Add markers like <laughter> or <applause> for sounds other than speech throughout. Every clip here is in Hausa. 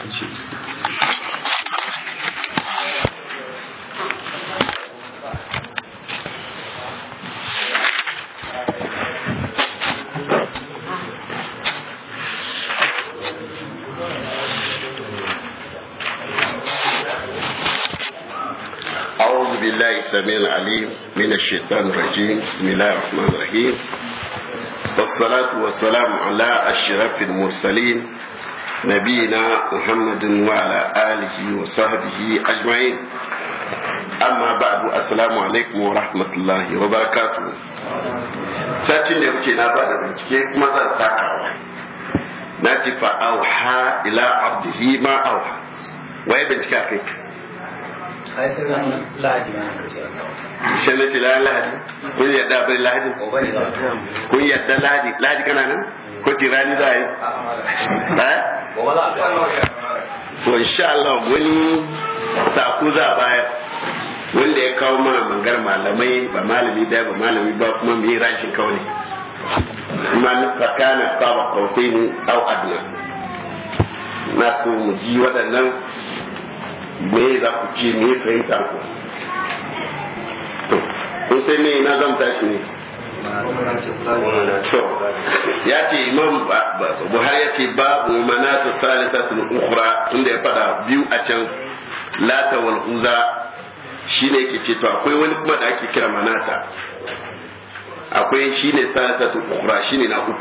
أعوذ بالله السميع العليم من الشيطان الرجيم بسم الله الرحمن الرحيم والصلاة والسلام على أشرف المرسلين نبينا محمد وعلى آله وصحبه أجمعين أما بعد السلام عليكم ورحمة الله وبركاته ساتين يوكي نابا بنتكي ماذا تاكاوا ناتي فأوحى إلى عبده ما أوحى وهي بنتكي أكيد sai na ce ranar lahadi kun yadda abin lahadi kun yadda lahadi lahadi kana nan ko tirani za a yi to insha Allah wani sako za a wanda ya kawo mana mangar malamai ba malami da ba malami ba kuma mai rashin kauli man kawo qaba qausain aw adna na so mu ji waɗannan me za ku ce me fahimta ku to kun sai me na zan tashi ne ya ce imam buhari ya ce babu manatu tun ukura tunda ya fada biyu a can lata wal uza shine yake ce to akwai wani kuma da ake kira manata akwai shine tun ukhra shine na uku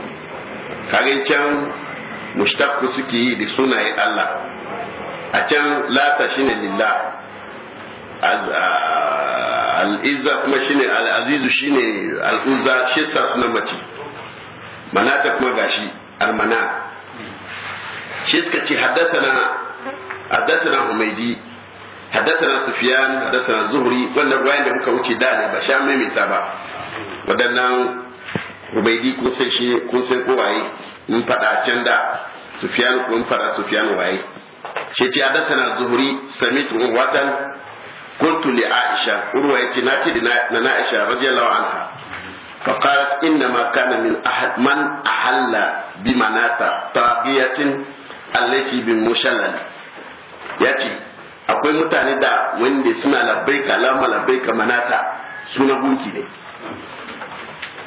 kage can mushtaq suke yi da sunaye Allah a can lata shine lillah al'izza kuma shine al'azizu shine al'uzza shi sa kuma mace ta kuma gashi almana shi suka ce haddathana haddasa na sufiyan haddasa na zuhuri wannan ruwayan da muka wuce da ne ba sha maimaita ba waɗannan humaidi kun san shi kun sai kowaye mun fada can da sufiyan kun fada sufiyan waye shi ce haddathana zuhri samitu watan qultu li aisha urwa yace na ce da na aisha radiyallahu anha fa qalat inna ma kana min ahad man ahalla bi manata taqiyatin allati bi mushallal yace akwai mutane da wanda suna labbaika lama labbaika manata suna gunki ne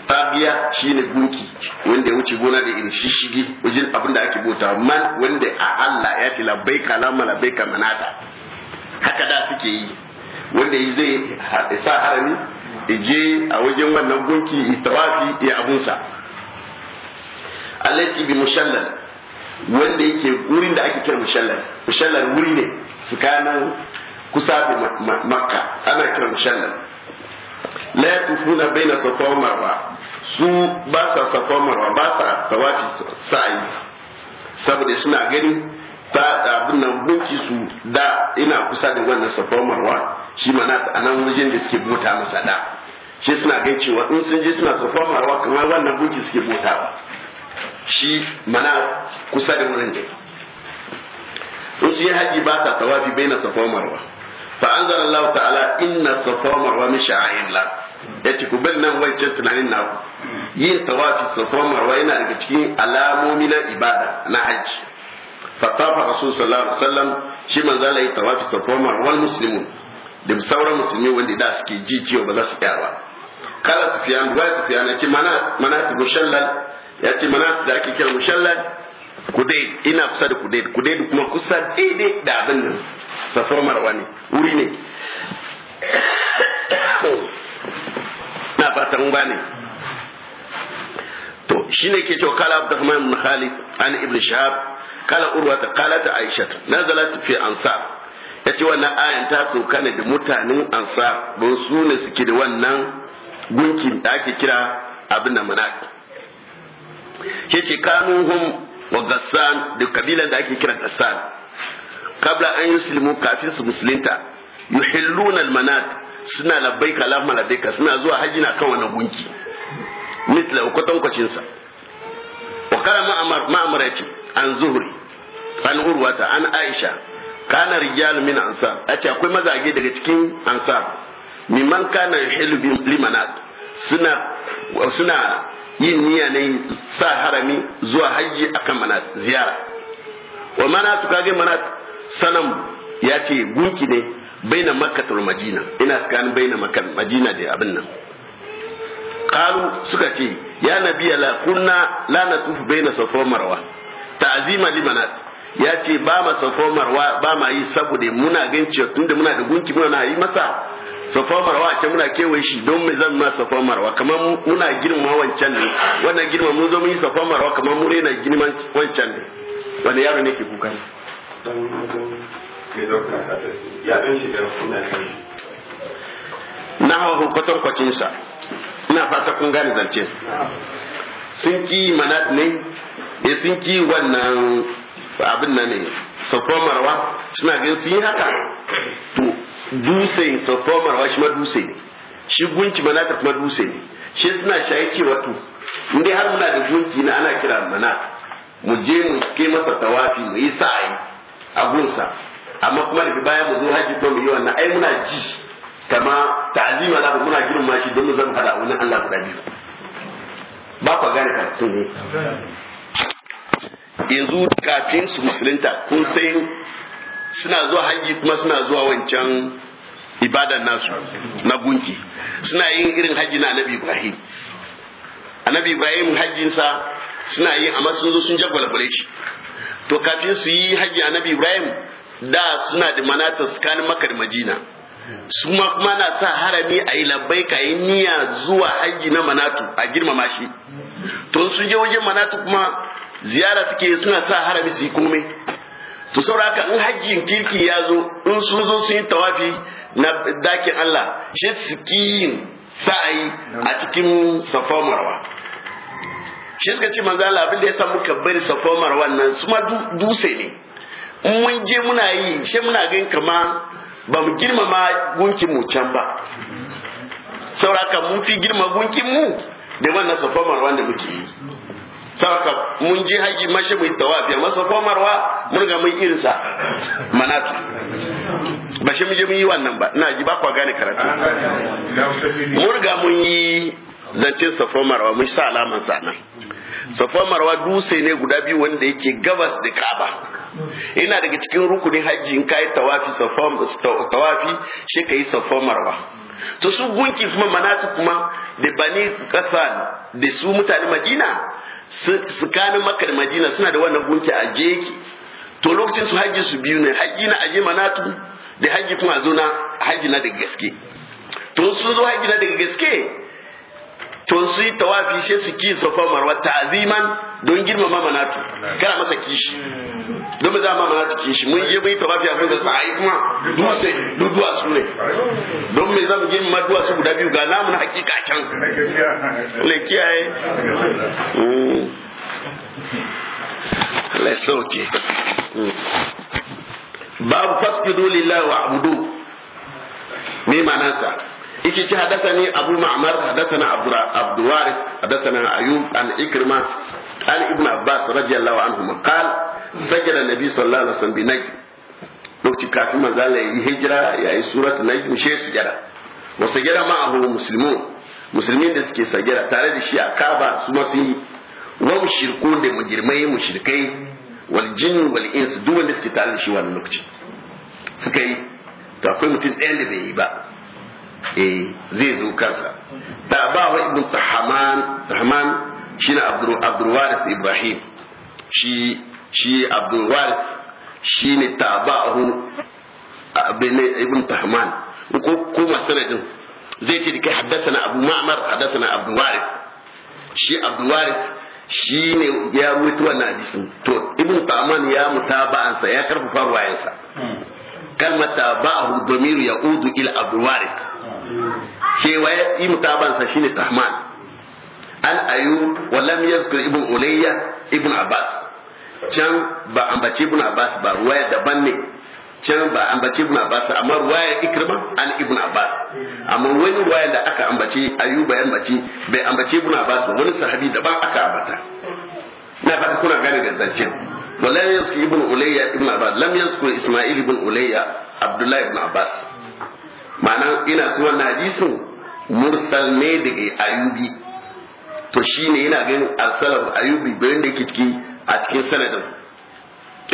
tabiya shine gunki wanda ya wuce gona da irin shishigi wajen abin da ake bota man wanda a Allah ya ce labbaika lama labbaika manata haka da suke yi wanda ya zai sa harami je a wajen wannan gunki tawafi ya abunsa alati bi mushallal wanda yake gurin da ake kira mushallal mushallal wuri ne tsakanin kusa da makka ana kira mushallal la yatufuna baina safa wa marwa su ba sa safa marwa ba sa tawafi sa'i saboda suna gani ta abin nan gunki su da ina kusa da wannan safar marwa shi mana a nan wajen da suke bota masa da shi suna gan cewa in sun je suna safar marwa kamar wannan gunki suke botawa shi mana kusa da wurin da in su yi haji ba ta tawafi bai na safar marwa fa zara Allah ta'ala inna safar marwa sha'ayin la. ya ci kubin nan wancan tunanin na yin tawafi safar marwa yana daga cikin alamomi na ibada na haji fatafa rasul sallallahu alaihi wasallam shi manzo Allah ya tawafi safoma wal muslimun da sauran musulmi wanda da suke ji ciwo ba za su iya ba kala sufiyan ba sufiyan ya ce mana mana ta mushallal ya ce mana da ake kira mushallal kudai ina kusa da kudai kudai kuma kusa dai da abin nan safar marwa ne wuri ne na fata ba ne to shine ke cewa kala abdurrahman bin khalid an ibn shahab kala urwata kalata aisha nazalat fi Ya yace wannan ayan ta sauka ne da mutanen ansa ba su ne suke da wannan gunkin da ake kira abin da manak Ke ce kanuhum wa gassan da kabilan da ake kira gassan kabla an yi silmu kafin su musulunta yuhilluna almanat suna labbaika lahma labbaika suna zuwa hajji na kan wannan gunki mitla ko tankwacin sa wa kana ma'amara ma'amar ce an zuhuri an urwata an aisha kana rijal min ansar a ce akwai mazage daga cikin ansa miman kana yuhilu limanat suna suna yin niyya ne sa harami zuwa hajji akan manat ziyara wa manatu kage manat sanam ya ce gunki ne baina makka madina ina tsakanin baina makka madina da abin nan qalu suka ce ya biya la kunna la natufu baina safa marwa ta'zima limanat ya ce ba ma safo marwa ba ma yi saboda muna gan cewa tunda muna da gunki muna yi masa safo marwa a ce muna kewa shi don mai zan ma safo marwa kamar muna girma wancan ne wannan girma mun zo mun yi safo marwa kamar mu rena girman wancan ne wanda yaro ne ke kuka ne na hawa hukutan kwacinsa ina fata kun gane zance sun ki manat ne eh, sun ki wannan abin nan ne safa marwa suna gan su yi haka to dutse safa marwa shi ma dutse ne shi gunki manata kuma dutse ne shi suna shayi ce wato inda har muna da gunki na ana kira mana mu je mu kai masa tawafi mu yi sa'ayi a gunsa amma kuma daga baya mu zo haji ko mu yi wannan ai muna ji kama ta'azima da muna girma shi don mu zama hada wani Allah guda biyu ba ku gane karatun ne ya zo kafin su musulunta kun sai suna zuwa hajji kuma suna zuwa wancan ibadan nasu na gunki suna yin irin hajji na annabi ibrahim annabi ibrahim hajjinsa suna yi amma sun zo sun jagwalgwale shi to kafin su yi hajji annabi ibrahim da suna da manata tsakanin maka da majina su ma kuma na sa harami a yi labbai ka yi niyya zuwa hajji na manatu a girmama shi to sun je wajen manatu kuma ziyara suke suna sa harami su yi komai to sauraka in hajjin kirki ya zo in sun zo sun yi tawafi na dakin Allah shi su yin sa'ayi a cikin safa marwa shi suka ce manzo Allah abin da ya samu muka bari safa marwa nan su ma dutse ne in mun je muna yi shi muna gan kama ba mu girmama gunkin mu can ba sauraka mun fi girma gunkin mu da wannan safa marwa da muke yi saka mun je haji mashi mu yi tawafi amma safa marwa mun ga mun irin manatu ba shi mun je mun yi wannan ba ina ji ba kwa gane karatu mun ga mun yi zancen safa marwa mun sa alaman sa nan safa marwa dutse ne guda biyu wanda yake gabas da kaba ina daga cikin rukunin haji in kai tawafi safa tawafi shi kai safa marwa to su gunki kuma manatu kuma da bani kasa da su mutane madina tsakanin makka da madina suna da wannan gunki a jeki to lokacin su hajji su biyu ne hajji na aje manatu da hajji kuma zo na hajji na daga gaske to sun zo hajji na daga gaske to su yi tawafi shi su ki safa marwa ta'ziman don girmama manatu kana masa kishi don za ma manatu kishi mun yi mun tawafi a kansa sai kuma dutse duduwa su ne don me zamu je ma duwa su guda biyu ga namu na hakika can le kiyaye mm. Allah mm. babu fasjudu lillahi wa abudu me manansa yake ce hadathani abu ma'mar hadathana abdul waris hadathana ayyub an ikrima an ibn abbas radiyallahu anhu qal sajada nabi sallallahu alaihi wasallam bi najm kafin manzo Allah yi hijira yayi surat najm shi sujada wa sajada ma'ahu muslimun musulmin da suke sajada tare da shi a kaba su ma sun yi wa mushrikun da mujrimai mushrikai wal jin wal ins duk wanda suke tare da shi wannan lokaci suka yi to akwai mutum ɗaya da bai yi ba eh zai zo kansa da ba wa ibn tahman rahman shine abdul abdul waris ibrahim shi shi abdul waris ne tabahu ibn tahman ko kuma sanadin zai ce kai haddathana abu ma'mar haddathana abdul waris shi abdul waris shi ne ya mutu wannan hadisin to ibn tahman ya mutaba'ansa ya karfafa ruwayansa hmm. kalmata ba'ahu domin ya udu ila abdul waris cewa ya yi mutabansa shine tahman an ayu lam yazkur ibn ulayya ibn abbas can ba ambace ibn abbas ba ruwaya daban ne can ba ambace ibn abbas amma ruwaya ikrima an ibn abbas amma wani ruwaya da aka ambace ayuba ya ambace bai ambace ibn abbas ba wani sahabi daban aka ambata na fata kuna gane da zancen wallahi yazkur ibn ulayya ibn abbas lam yazkur isma'il ibn ulayya abdullahi ibn abbas ma'ana ina su wannan hadisin mursal ne daga ayubi to shine yana ganin arsalar ayubi bayan da yake ciki a cikin sanadin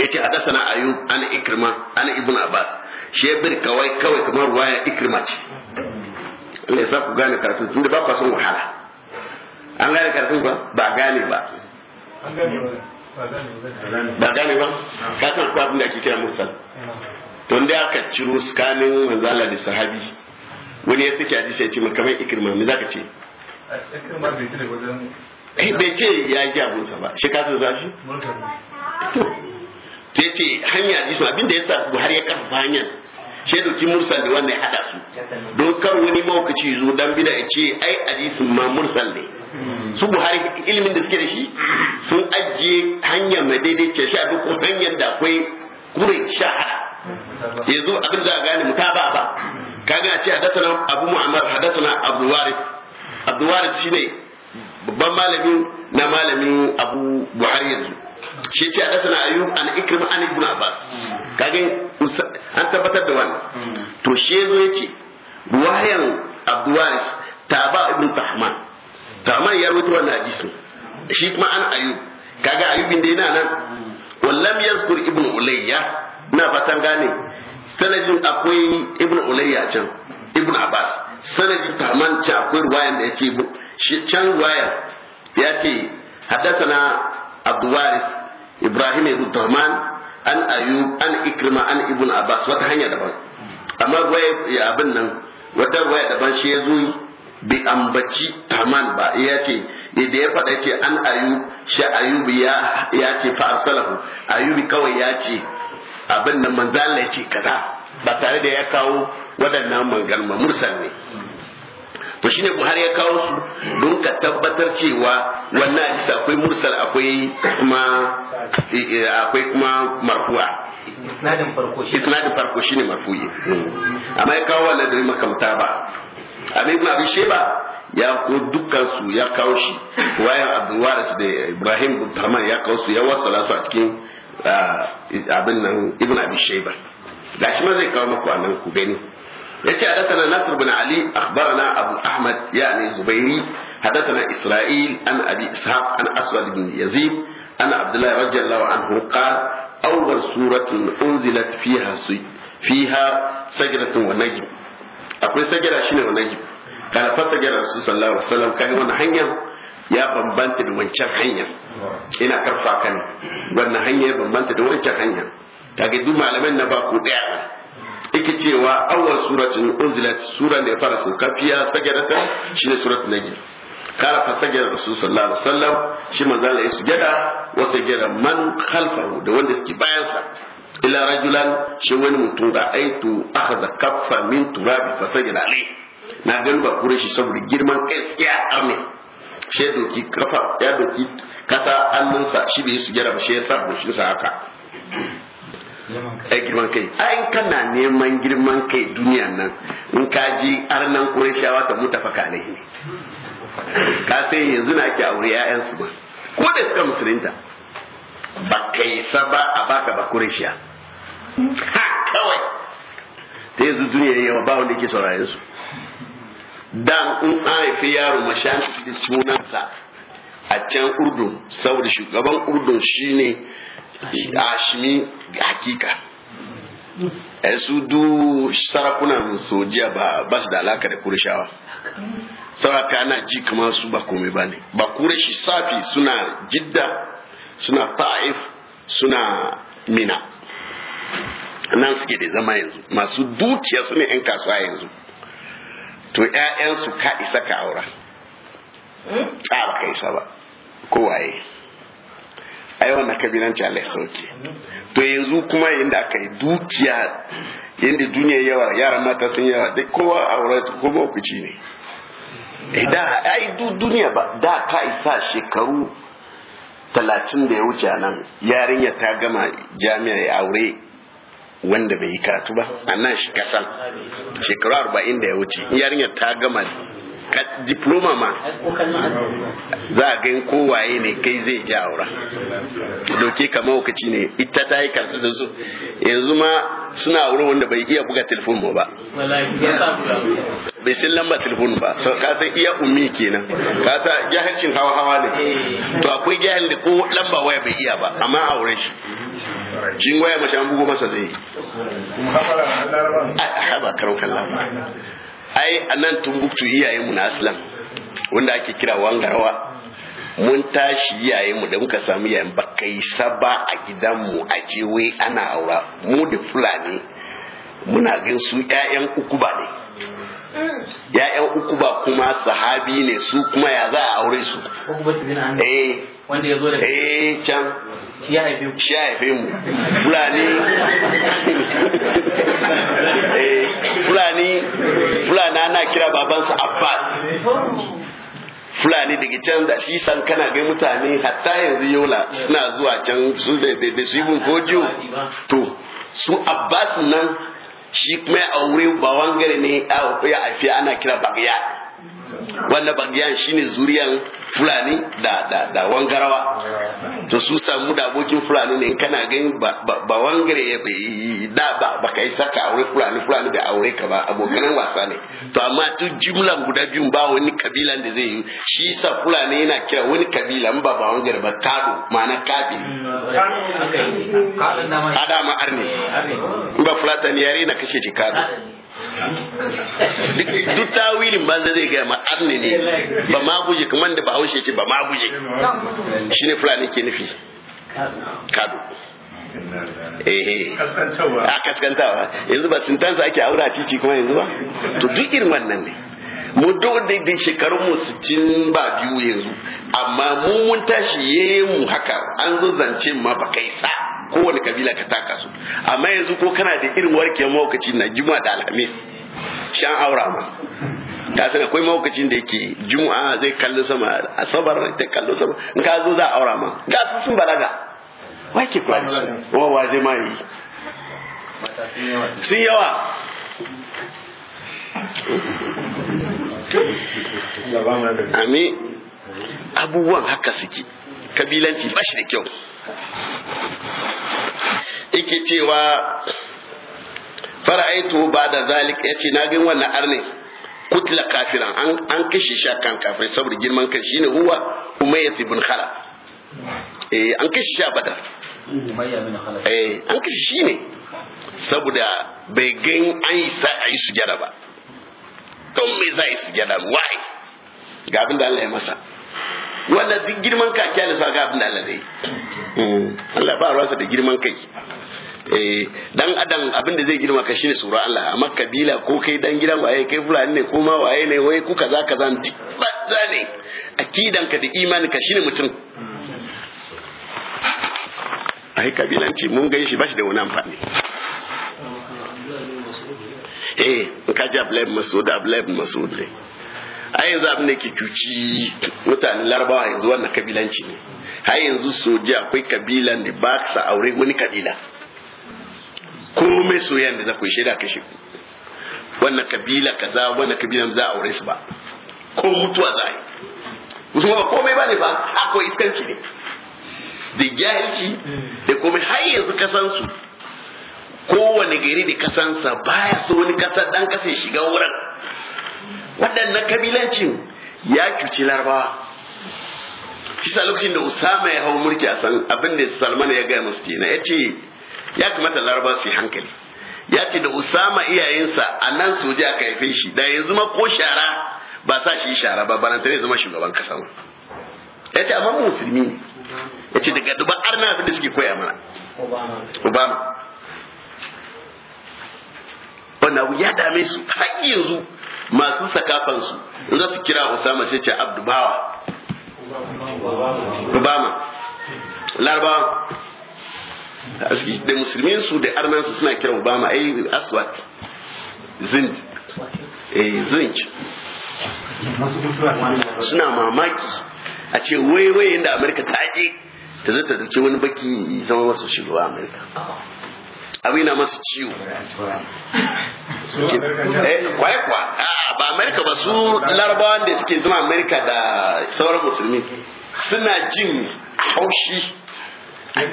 yace hadathana ayub ana ikirma ana ibn abbas shi bir kawai kawai kamar ruwaya ikirma ce Allah ya ku gane karfin tun da ba ku wahala an gane karfin ba ba gane ba ba gane ba ka san abin da ake kira mursal to da aka ciro tsakanin manzala da sahabi wani ya sake hadisi ya ce mai kamar ikirma me zaka ce eh bai ce ya ji abunsa ba shi ka sa shi to ya ce hanya hadisi abinda ya sa Buhari ya kafa hanyar shi dauki mursal da wannan ya hada su don kar wani maukaci zo dan bida ya ce ai hadisin ma mursal ne su buhari ilimin da suke da shi sun ajiye hanyar mai daidai ce sha duk hanyar da akwai kure sha yanzu abin da gane mutaba ba kaga a ce hadathana abu muhammad hadathana abu warid abu warid shine babban malami na malamin abu buhari yanzu shi ce hadathana ayub an ikrim an ibn abbas kaga an tabbatar da wannan to shi yazo yace ruwayan abu warid taba ibn tahman tahman ya rubuta wannan hadisi shi kuma an ayub kaga ayubin da yana nan wallam yazkur ibn ulayya na fatan gane sanadin akwai ibn ulayya can ibn abbas sanadin kaman tamanci akwai ruwayan da yake shi can ruwaya ya ce haddasana abduwaris ibrahim ibn tahman an ayub an ikrima an ibn abbas wata hanya daban amma ruwaya ya abin nan wata ruwaya daban shi ya zo bai ambaci taman ba ya ce da ya faɗa ce an ayub sha ayubi ya ce fa arsalahu ayubi kawai ya ce abin nan manzo Allah ya ce kaza ba tare da ya kawo waɗannan mangalma mursal ne to shine Buhari ya kawo su don ka tabbatar cewa wannan hadisi akwai mursal akwai kuma eh, eh, akwai kuma marfu'a isnadin farko shi isnadin farko shine marfu'i amma ya kawo wannan da makamta ba amma ibn abi sheba ya ko dukkan su ya kawo shi wayan abdul waris da ibrahim bin ya kawo su ya wasala su a cikin abin nan ibn abi shayba gashi ma zai kawo muku anan ku gani yace hadathana nasr bin ali akhbarana abu ahmad yani zubairi hadathana isra'il an abi ishaq an aswad bin yazid an abdullah radiyallahu anhu qala awwal suratun unzilat fiha fiha sajdatun wa najm akwai sajda shine wa najm kana fa sajda rasul sallallahu alaihi wasallam kai wannan hanyar ya bambanta da wancan hanya ina karfa kan wannan hanya ya bambanta da wancan hanya kaga duk malaman na ba ku daya ba ike cewa awwal suratin unzilat sura ne ya fara sauka fiya sagadata shine suratul najm kala fa da rasul sallallahu alaihi wasallam shi manzo Allah ya sujada wa man khalfahu da wanda suke bayan sa illa rajulan shi wani mutum da aitu akhadha kaffa min turabi fa sajada alai na gani ba kure shi saboda girman gaskiya amin she doki kafa ya doki kasa annunsa shi bai su gyara ba ba shi sa haka ai girman kai ai kana neman girman kai duniya nan in ka ji arnan kureshawa ka muta faka ne ka sai yanzu na ki aure ƴaƴan su ba ko da suka musulunta ba kai saba a baka ba kureshiya ha kawai ta yanzu duniya yawa ba wanda yake saurayen su Dan in an haifi yaro mashi sunansa a can urdun saboda shugaban urdun shine ashimi hakika eh, su du sarakunan sojiya ba su da alaka da saraka na ji kama su ba komai ba ne ba safi suna jidda suna ta'if suna mina nan suke da zama yanzu masu dukiya su ne 'yan kasuwa yanzu to ‘ya'yansu ka isa ka aura hmm? ba ka isa ba kowaye ai wannan kabilanci Allah ya sauke to yanzu kuma inda aka yi dukiya yadda duniya yawa yaran mata sun yawa duk kowa aure kuma ci ne eh, da ai duniya ba da ka isa shekaru talatin da ya wuce nan yarinya ta gama jami'a ya aure wanda bai yi karatu ba a nan shi kasan shekaru arba'in da ya wuce yarinyar ta gama diploma ma za a gan kowaye ne kai zai ji aura doke kama wakaci ne ita ta yi karfi su yanzu ma suna aure wanda bai iya buga telefon ba bai san lamba telefon ba ka san iya ummi kenan ka sa jahilcin hawa hawa ne to akwai jahil da ko lamba waya bai iya ba amma aure shi jin waya mashi an bugo masa zai yi ba karaukan lamba ai anan tumbuktu iyaye mu na aslan wanda ake kira wangarawa mun tashi iyaye mu da muka samu iyayen bakai saba a mu a jewe ana aura mu da fulani muna gan su ƴaƴan uku ba ne ya'yan uku ba kuma sahabi ne su kuma ya za a aure su eh wanda ya zo da eh can shi ya haife mu fulani <laughs> eh fulani fulani ana kira babansa abbas fulani daga can da shi san kana ga mutane hatta yanzu yola suna zuwa can su da su yi to su abbas nan shi kuma a wuri ba wangare ne a ya afiya ana kira bagya wanda bangiyan shine zuriyan fulani da da da wangarawa to su samu da abokin fulani ne kana gani ba wangare da ba ba kai saka aure fulani fulani bai aure ka ba abokan wasa ne to amma tu jumla guda biyu ba wani kabila da zai yi shi sa fulani yana kira wani kabila ba ba wangare ba kado ma'ana kabi adama arne ba fulani yare na kashe shi kado duk tawilin ba zai gaya ma arne ne ba ma guje kamar da bahaushe ce ba ma guje shi ne fulani ke nufi kadu eh a kaskantawa yanzu ba sintansa ake aura cici kuma yanzu ba to duk irin wannan ne mu da shekarun mu sittin ba biyu yanzu amma mu mun tashi yayin mu haka an zo zance ma ba kai sa kowane kabila ka taka su amma yanzu ko kana da irin warke mawukaci na juma da alhamis shan aura ma ta san akwai mawukacin da yake juma zai kalli sama asabar ta kalli sama in ka zo za a aura ma ga su sun balaga wa ke kwari wa wa zai ma yi sun yawa abubuwan haka suke kabilanci ba shi da kyau yake cewa fara'aitu ba da zalik ya ce na gan wannan arne kutla kafiran an kashe shi kan kafirai saboda girman shi ne huwa umayyah ibn khala eh an kashe shi a badar eh an kashe shi ne saboda bai gan an yi sa ayi sujada ba don me za a yi sujada why ga abin da Allah ya masa wannan duk girman ka kyale su ga abin da Allah zai yi Hmm. Allah ba ruwansa da girman kai eh, dan adam abin da zai girma ka shine tsoron Allah amma kabila ko kai dan gida waye kai fulani ne ko ma waye ne waye ku kaza kaza banza ne akidan ka da imani ka shine mutum ai kabilanci mun gan shi bashi da wani amfani eh ka ji Abdullahi Masud Abdullahi Masud ai yanzu abin da ke cuci mutanen Larabawa yanzu wannan kabilanci ne har yanzu soji akwai kabilan da ba sa aure wani kabila komai soyayya da za ku shaida kashe wannan kabila kaza wannan kabila za a aure su ba ko mutuwa za a yi musu ba komai ba ne ba akwai iskanci ne da jahilci da komai har yanzu kasansu kowane gari da kasansa baya so wani kasa dan kasa shiga wurin waɗannan kabilancin ya cuci larabawa kisa lokacin da usama ya hau mulki a san abin da salman ya gaya musu kenan yace ya kamata laraba su hankali ya ce da usama iyayensa a nan soja aka haife shi da yanzu ma ko shara ba sa shi shara ba baranta ne zama shugaban kasa ma ya ce amma musulmi ne ya ce daga duba arna abin da suke koya mana obama wannan abu ya dame su har yanzu masu sakafansu su za su kira usama sai ce Abdubawa Rubama Larabawa da musulmin su da arnan su suna kiran Obama yi aswa zinj eh zinj suna mamaki a ce waiwai inda amurka ta je ta zata ce wani baki zama masu shigowa amurka abu yana masu ciwo <laughs> eh, kwaye kwa ah, ba amerika ba su larabawan da suke zama amerika da sauran musulmi suna jin haushi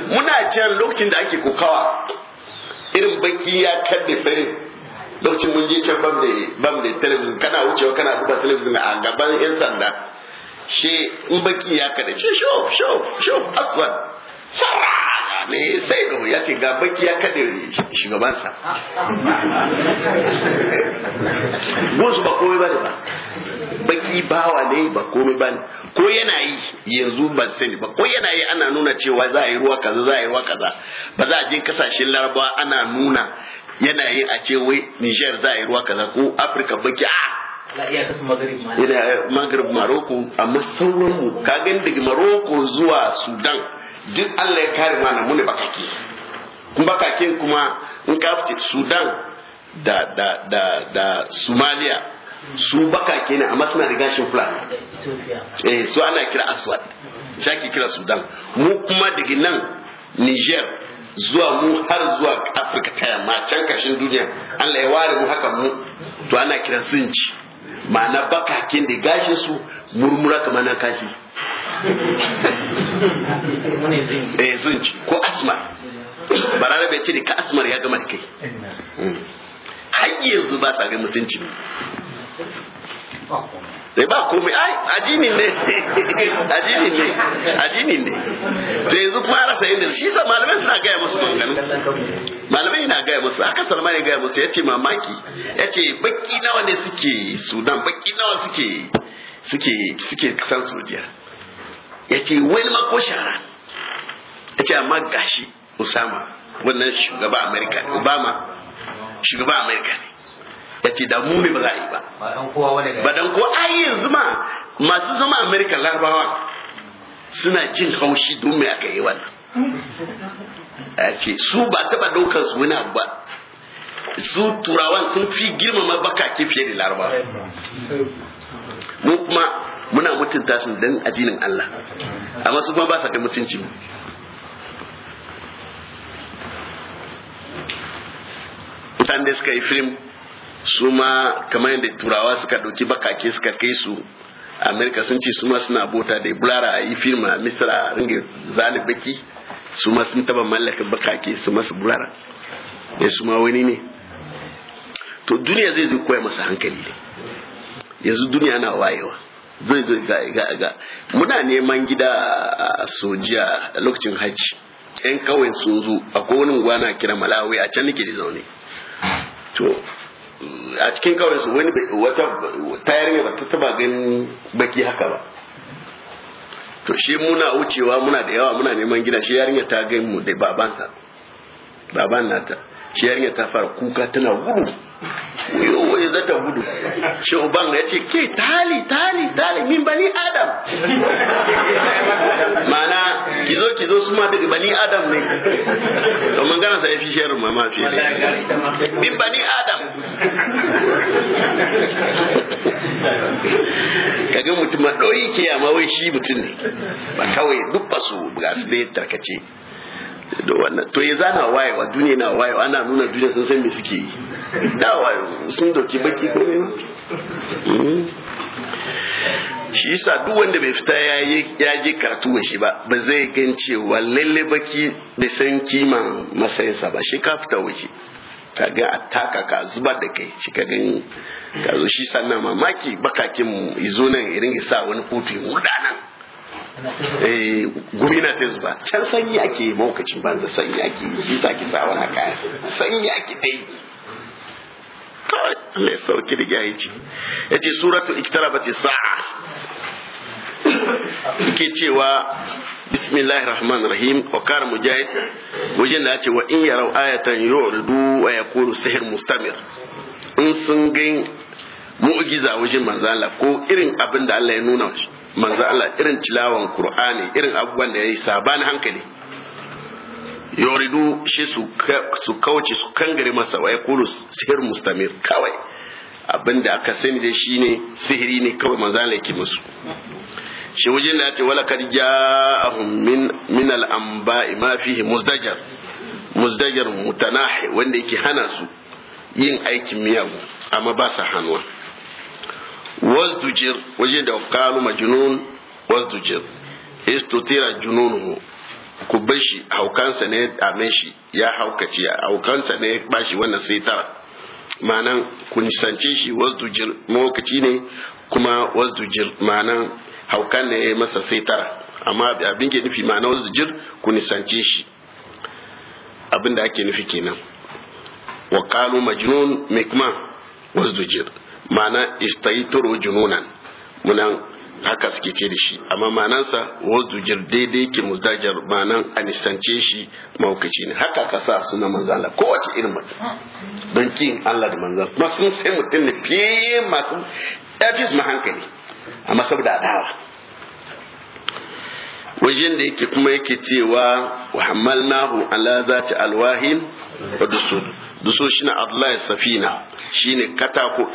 muna jan lokacin da ake kokawa irin baki ya kadde farin lokacin mun je can bam da bam da kana wucewa kana buga telebijin? a gaban yan sanda shi in baki ya kada shi shof shof shof aswad sara me sai da ya ce ga baki ya kade shugabansa wasu ba komai ba ba baki bawa ne ba komai ba ko yana yi yanzu ban sani ba ko yana yi ana nuna cewa za a yi ruwa kaza za a yi ruwa kaza ba za a je kasashen laraba ana nuna yana yi a ce wai Niger za a yi ruwa kaza ko Afirka baki a ina eh, maroko amma sauran mu ka gani daga maroko zuwa sudan duk Allah ya kare mana mune bakake kun bakaken kuma in ka fice Sudan da da da da Somalia su bakake ne amma suna da gashin fulani eh su ana kira aswad shaki kira Sudan mu kuma daga nan Niger zuwa mu har zuwa Afirka ta yamma can kashin duniya Allah ya ware mu haka mu to ana kira zinci ma'ana bakakin da gashin su murmura kamar na kashi <laughs> eh zunci ko asmar balarabe ce da ka asmar ya gama da kai hmm. har yanzu ba sa ga mutunci ne eh, sai ba komai ai ajinin ne ajinin ne ajinin ne to yanzu kuma rasa inda shi sa malamai suna gaya musu dangane malamai yana gaya musu aka salma ya gaya musu ce mamaki ce baki nawa ne suke sudan baki nawa suke suke suke kasan sojiya ya ce wani ma ko shara ya ce amma gashi usama wannan shugaba amerika obama shugaba amerika ne ya ce da mu ba za a yi ba ba dan ko yi yanzu ma masu zama amerika larabawa suna jin haushi don mai aka yi wannan ya ce su ba taba daukar su wani abu ba su turawan sun fi girmama baka fiye da larabawa mu kuma muna mutunta su dan addinin Allah amma su kuma ba sa kai mutunci mu da suka yi film su ma kamar yadda turawa suka ɗauki bakake suka kai su amerika sun ce su ma suna bota da bulara a yi film a Misira. a zane zalibaki su ma sun taba mallaka bakake su masu bulara ya eh, su ma wani ne to duniya zai zo koya masa hankali ne yanzu duniya na wayewa zai zo ga ga ga muna neman gida a sojiya a lokacin hajji yan kawai sun zo akwai wani gwana kira malawi a can nake da zaune to a cikin kawai su wani wata tayar ne ba ta taba ganin baki haka ba to shi muna wucewa muna da yawa muna neman gida shi yarinya ta gani mu da babansa baban nata shi yarinya ta fara kuka tana gudu wai za ta gudu shi uban ya ce ke tali tali tali min bani adam mana kizo kizo su ma daga bani adam ne mun gana sa yafi shirin ma mafi ne min bani adam kaga mutum ma ɗoyi ke amma wai shi mutum ne ba kawai duk basu su ga su dai tarkace To to ya zana wayewa duniya na wayewa ana nuna duniya sun san me suke yi da wayo sun doki baki ko hmm. shi yasa duk wanda bai fita ya je karatu wa shi ba ba zai gan cewa lalle baki bai san kima masayinsa ba shi ka fita waje ka ga a taka ka zuba da kai shi ka gani ka zo shi sannan mamaki bakakin mu izo nan irin isa wani kotu ya nan Eh, gumi na ta ba can sanyi ake maukacin banza sanyi ake yi shi ki sa wani sanyi ake ta yi sauki da gaya ce ya ce suratu ce sa'a ke cewa bismillahir rahman rahim wa kara mujahid wajen da ce wa in yarau ayatan yi wa kuru sihir mustamir in sun ga mu'ujiza wajen manzala ko irin abin da Allah ya nuna shi manzo Allah irin tilawan Qur'ani irin abubuwan da yayi saban hankali yoridu shi su kauce su kangare masa wa yaqulu sihir mustamir kawai abinda aka sani da shi ne sihiri ne kawai manzo Allah yake musu shi wajen da ya ce wala kad ja'ahum min min al-anba'i ma fihi muzdajar muzdajar mutanahi wanda yake hana su yin aikin miyagu amma ba sa hannuwa wasdujir wajen da qalu majnun wasdujir istutira jununuhu ku bar shi haukansa ne a shi ya haukace haukansa ne ya bashi wannan sai tara ma'anan kun sance shi wasdujir mawakaci ne kuma wasdujir ma'anan haukan ne masa sai tara amma abin ke nufi ma'ana wasdujir ku nisance shi abin da ake nufi kenan wa qalu majnun mikma wasdujir ma'ana istaitoro jununan munan haka suke ce da shi amma ma'anansa wazzujir daidai ke muzdajar ma'anan a nisance shi maukaci ne haka ka sa suna manzan Allah kowace irin mutum don kin Allah da manzan kuma sun sai mutum ne fiye masu ɗafis ma hankali amma saboda adawa wajen da yake kuma yake cewa wa hamalnahu ala zati alwahin wa dusud shi na safina shi ne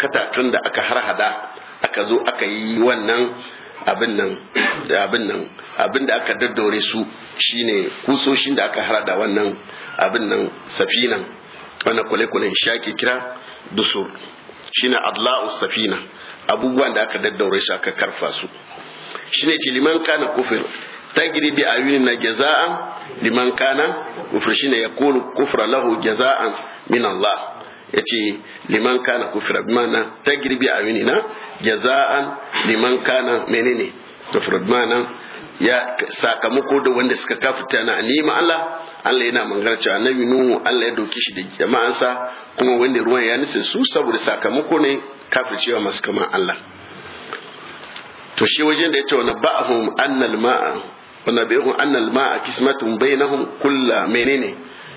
katakun da aka harhada aka zo aka yi wannan abin nan abin nan abin da aka daddore su shine kusoshin da aka harada wannan abin nan safinan wannan kwale-kwalen shaki kira dusur shine adla'u safina abubuwan da aka daddore su aka karfa su shine ce liman kufir تجري بأعيننا جزاء liman kana مفرشين يقول ya له جزاء lahu الله يتي Allah yace liman kana kufra بأعيننا جزاء لمن كان liman كفر menene ya sakamako da wanda suka kafita na nima Allah Allah yana magana cewa annabi Nuhu Allah ya doki shi da jama'ansa kuma wanda ruwan ya nutse su saboda sakamako ne kafircewa masu kaman Allah to shi wajen da ya ce wani ba'ahum annal ma'a wannan bai kun annal ma'a kismatun bainahum kulla menene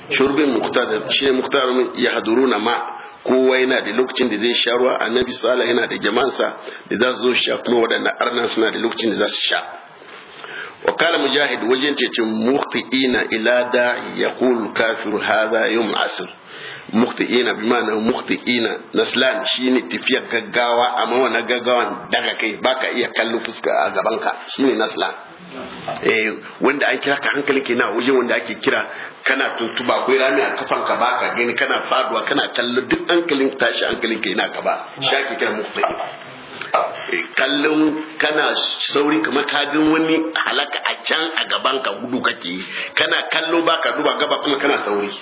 shurbin muqtadar shine muqtadar ya haduruna ma' kowa yana da lokacin da zai sha ruwa annabi salih yana da jama'ansa da za su zo sha kuma waɗanda arnan suna da lokacin da za su sha wa kala mujahid wajen cecin muqti'ina ila da yaqul kafir hadha yawm asr muktiina bi ma'ana naslan shine tafiyar gaggawa amma wannan gaggawan daga kai baka iya kallon fuska a gabanka ka shine naslan eh wanda an kira ka hankali na waje wanda ake kira kana tuntuba akwai rami a kafan ka baka gani kana faduwa kana kallo duk hankalin tashi hankalin ka yana gaba shi ake kira muktiina kallon kana sauri kamar ka gan wani halaka a can a gaban ka gudu kake yi kana kallo ba ka duba gaba kuma kana sauri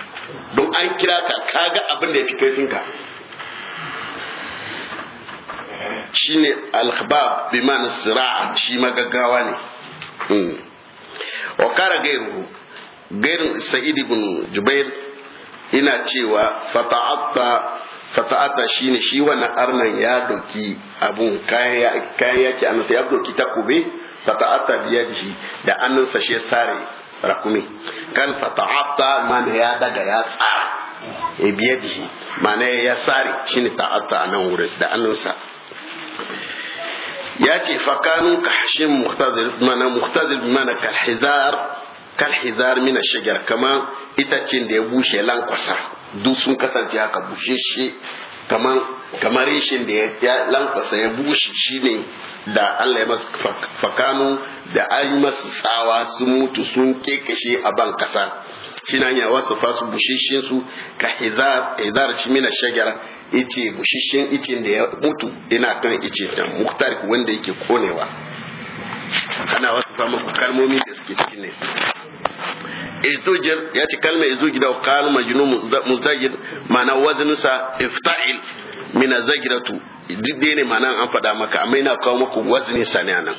don an kira ka kaga abin da ya fi kaifin ka shi ne alhabab bi mana sira'a shi magaggawa ne hmm. wa kara gairu gairun sa'id ibn jubair ina cewa fata'atta fata'ata shine shi wannan arnan ya doki abun kayan yaki annansa ya doki takube fata'ata biya shi da annansa shi ya sare rakumi kan fata'ata mana ya daga ya tsara e biya shi mana ya sare shine ta'ata a nan wurin da annansa ya ce fakanun kashin muhtazir mana muhtazir mana kalhizar kalhizar mina shigar kama itacin da ya bushe lankwasa duk sun kasance aka bushe kamar kamar reshen da ya lankwasa ya bushe ne da Allah ya masu fakanu da an masu tsawa sun mutu sun kekashe a ban kasa shi na hanyar wasu fasu busheshen su ka hizar ci mina shagar ice busheshen ice da ya mutu ina kan ice da muktar wanda yake konewa ana wasu samun kalmomi da suke cikin ne izdujir ya ci kalmar izujir da qal majnun muzdajir ma'ana wazinsa ifta'il min azgiratu duk ne ma'ana an faɗa maka amma ina kawo maku wazinin sa ne anan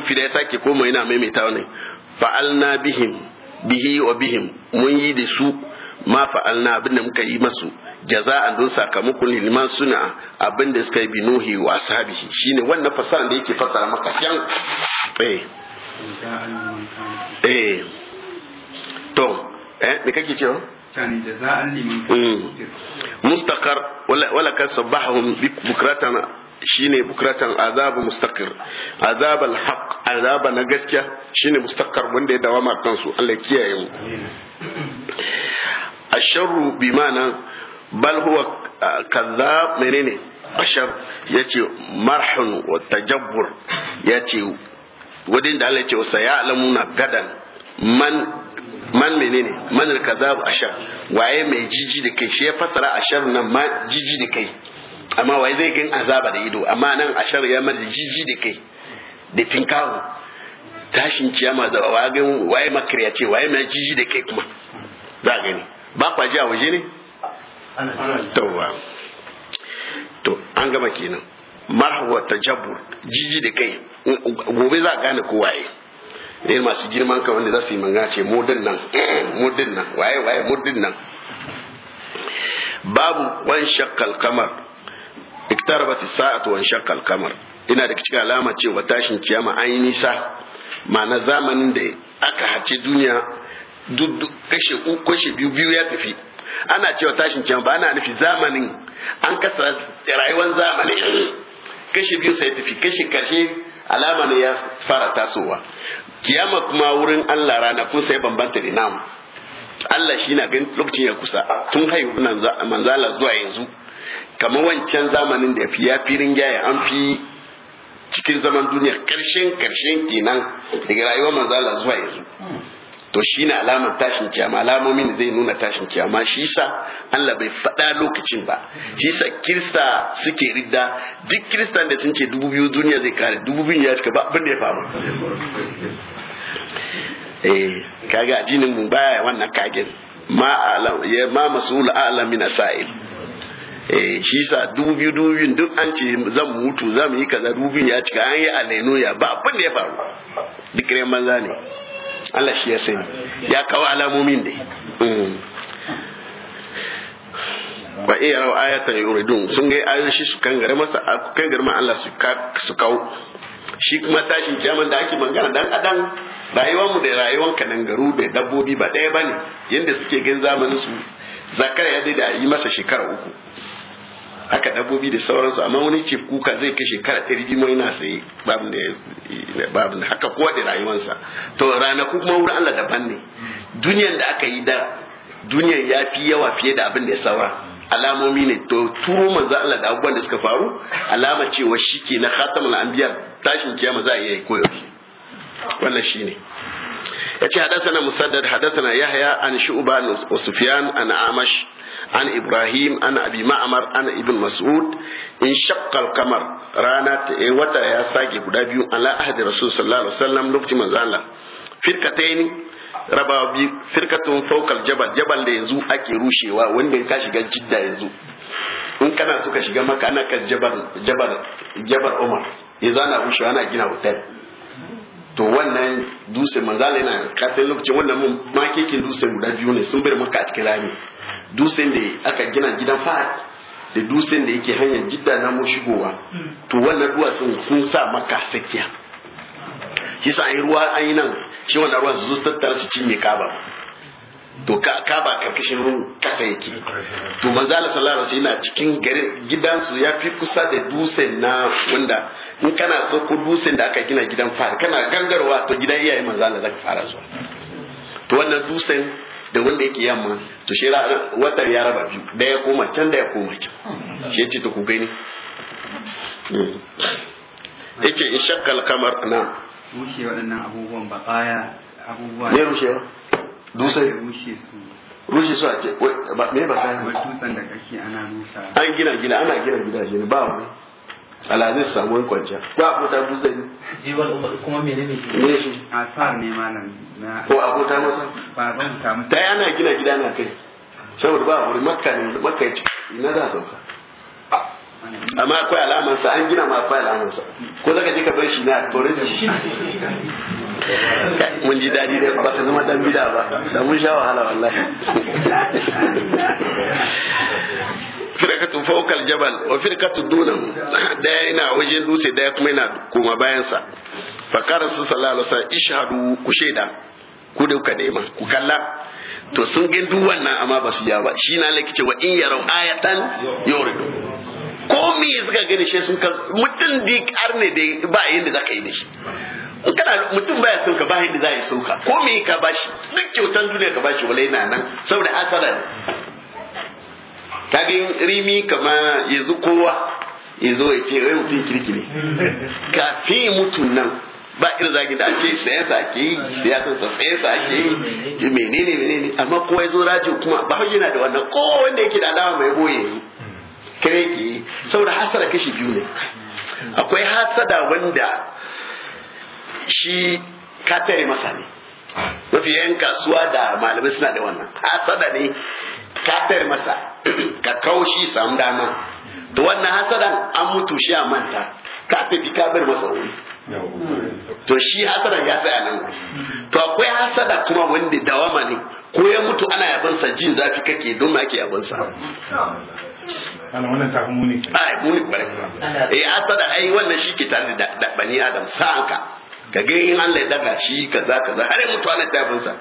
fi da ya sake koma yana maimaita ne fa'alna bihim bihi wa bihim mun yi da su ma fa'alna abin da muka yi masu jaza'an don sakamakon liman suna abin da suka yi bi nuhi wa ashabihi shine wannan fasara da yake fasara maka can eh eh to eh me kake cewa yani jaza'an liman hmm. mustaqar wala wala kan sabahum bukratan shine bukratan azab mustaqir azab alhaq azab na gaskiya shine mustaqar wanda ya dawama su Allah ya kiyaye mu asharru bi mana bal huwa ah, kadhab menene ashar yace marhun wa tajabbur yace wadin da Allah ya ce sa ya gadan man man menene man kazabu ashar waye mai jiji da kai shi ya fasara ashar nan ma jiji da kai amma waye zai gan azaba da ido amma nan ashar ya mar jiji da kai da tinkawo tashin kiyama da waye waye ma ce waye mai jiji da kai kuma za ni ba kwa ji a waje ne tawwa to an gama kenan marhawa tajabbur jiji da kai gobe za gane ko waye? ne masu girman ka wanda za su yi manga ce modin nan <clears throat> modin nan waye waye modin nan babu wan shakkal kamar iktarabat sa'at wan shakkal kamar ina da cikin alama cewa tashin kiyama an yi nisa ma'ana zamanin da aka hace duniya duk kashe uku kashe biyu biyu ya tafi ana cewa tashin kiyama ba ana nufi zamanin an kasa rayuwar zamanin <clears throat> kashe biyu sai tafi kashe karshe alama ne ya fara tasowa kiyama kuma wurin Allah rana kun sai bambanta da namu Allah shi na gan lokacin ya kusa tun haihu manzala zuwa yanzu kamar wancan zamanin da fi ya fi an fi cikin zaman duniya karshen karshen kenan daga rayuwar manzala zuwa yanzu to shi ne alamar tashin kiyama alamomin da zai nuna tashin kiyama shi sa Allah bai faɗa lokacin ba shi sa kirista suke ridda duk kiristan da sun ce dubu biyu duniya zai kare dubu biyu ya cika ba abin da ya faru eh kaga ajinin mu baya wannan kagen ma alam ya ma masul alam min asail eh shi sa dubu biyu dubu biyu duk an ce zan mutu zan yi kaza dubu biyu ya cika an yi alenu ya ba abin da ya faru duk manzani manza ne Allah shi ya sani ya kawo alamomin ne mm. ba iya rawa ayatan yuridun sun ga ayoyin shi su kangare masa kangare ma Allah su su kawo shi kuma tashin kiyaman da ake magana dan adam rayuwar mu da rayuwar garu da dabbobi ba ɗaya bane yanda suke gan zamanin su zakara ya da yi masa shekara uku haka dabbobi da sauransu amma wani ce kuka zai kashe kara ɗari biyu mai na yi babu da haka kowa da rayuwarsa to ranaku kuma wurin Allah daban ne duniyan da aka yi da duniyan ya fi yawa fiye da abin da ya saura alamomi ne to turo manzo Allah da abubuwan da suka faru alama ce wa shi ke na khatamul anbiya tashin kiyama za a iya yi koyaushe wannan ne. yace hadathana musaddad hadathana yahya an shu'ba an sufyan an amash an ibrahim an abi ma'mar an ibn mas'ud in shaqqa al-qamar rana eh, wata ya sage guda biyu ala ahdi rasul sallallahu alaihi wasallam lokacin manzo Allah firkataini raba bi firkatun fawqal jabal jabal da yanzu ake rushewa wanda ka shiga jidda yanzu in kana suka shiga maka ana kan jabal jabal jabal umar yanzu ana rushewa ana gina hotel to wannan dutse ne na kafin lokacin wannan makekin dutse guda biyu ne sun bari maka a cikin rami dutsen da aka gina gidan fahad da dutsen da yake hanyar jidda na mu shigowa hmm. to wannan duwatsun sun sa maka sakiya shi sa an yi ruwa an yi nan shi wannan ruwa su zo tattara su cinye kaba to ka ka ba karkashin ruwan kasa yake to manzo Allah sallallahu alaihi wasallam cikin garin gidansu ya fi kusa da dusen na wanda in kana so ku dusen da aka gina gidan fara kana gangarwa to gidan iyaye manzo Allah zaka fara zuwa to wannan dusen da wanda yake yamma to shi wata ya raba biyu da ya koma can da ya koma can shi yace to ku gani hmm. yake in shakkal kamar na rushe waɗannan abubuwan ba baya abubuwa ne rushewa dusai rushe su a ce me ba kayan dusan da kake ana rusa an gina gina ana gina gidaje ba wani alhazin su samu kwanciya ko a kuta dusai ne jiwal kuma menene ne ke A shi alfar ne malam ko a kuta masa ba ban ta mutu ta yana gina gida na kai saboda ba wuri makka ne makka ce ina za a sauka amma akwai alamansa an gina ma akwai alamansa ko zaka je ka bar shi na tore shi <laughs> <laughs> <laughs> mun ji dadi da ba ta zama dan bida ba da mun sha wahala wallahi <laughs> firkatu fawkal jabal wa firkatu dunan daya ina wajen dutse daya kuma ina koma bayansa fakar su sallallahu alaihi ishadu ku sheda ku dauka ma ku kalla to sun ga duk wannan amma ba su ya ba shi na lake wa in yarau ayatan yuridu ko me suka gani shi sun kal mutun dik arne dai ba yanda zaka yi da shi in kana mutum baya sauka ba yadda za a yi sauka ko me ka bashi duk kyautan duniya ka bashi wala yana nan saboda asalan Ta gin rimi kama yanzu kowa ya zo ya ce wai mutum kirkire Ka <laughs> kafin mutum nan ba irin zagi da ce sayansa ake yi siyasarsa sayansa ake yi menene menene amma kowa ya zo rajiyo kuma ba na da wannan kowa wanda yake da alama mai boye yanzu kare ki saboda hasara kashi biyu ne akwai hasada wanda shi ka tare masa ne mafi yan kasuwa da malamai suna da wannan hasada ne ka tare masa <clears throat> ka kaushi samu dama to wannan hasadan an mutu shi a manta ka tafi ka bar masa wuri to shi hasadan ya tsaya nan to akwai hasada kuma wanda dawama ne ko ya mutu ana yabon sa jin zafi kake don ma ake sa ana wannan ta muni ai muni kwarai eh asada ai wannan shi ke tare da bani adam sa haka ka ga in Allah ya daga shi kaza kaza har mutu Allah ta fansa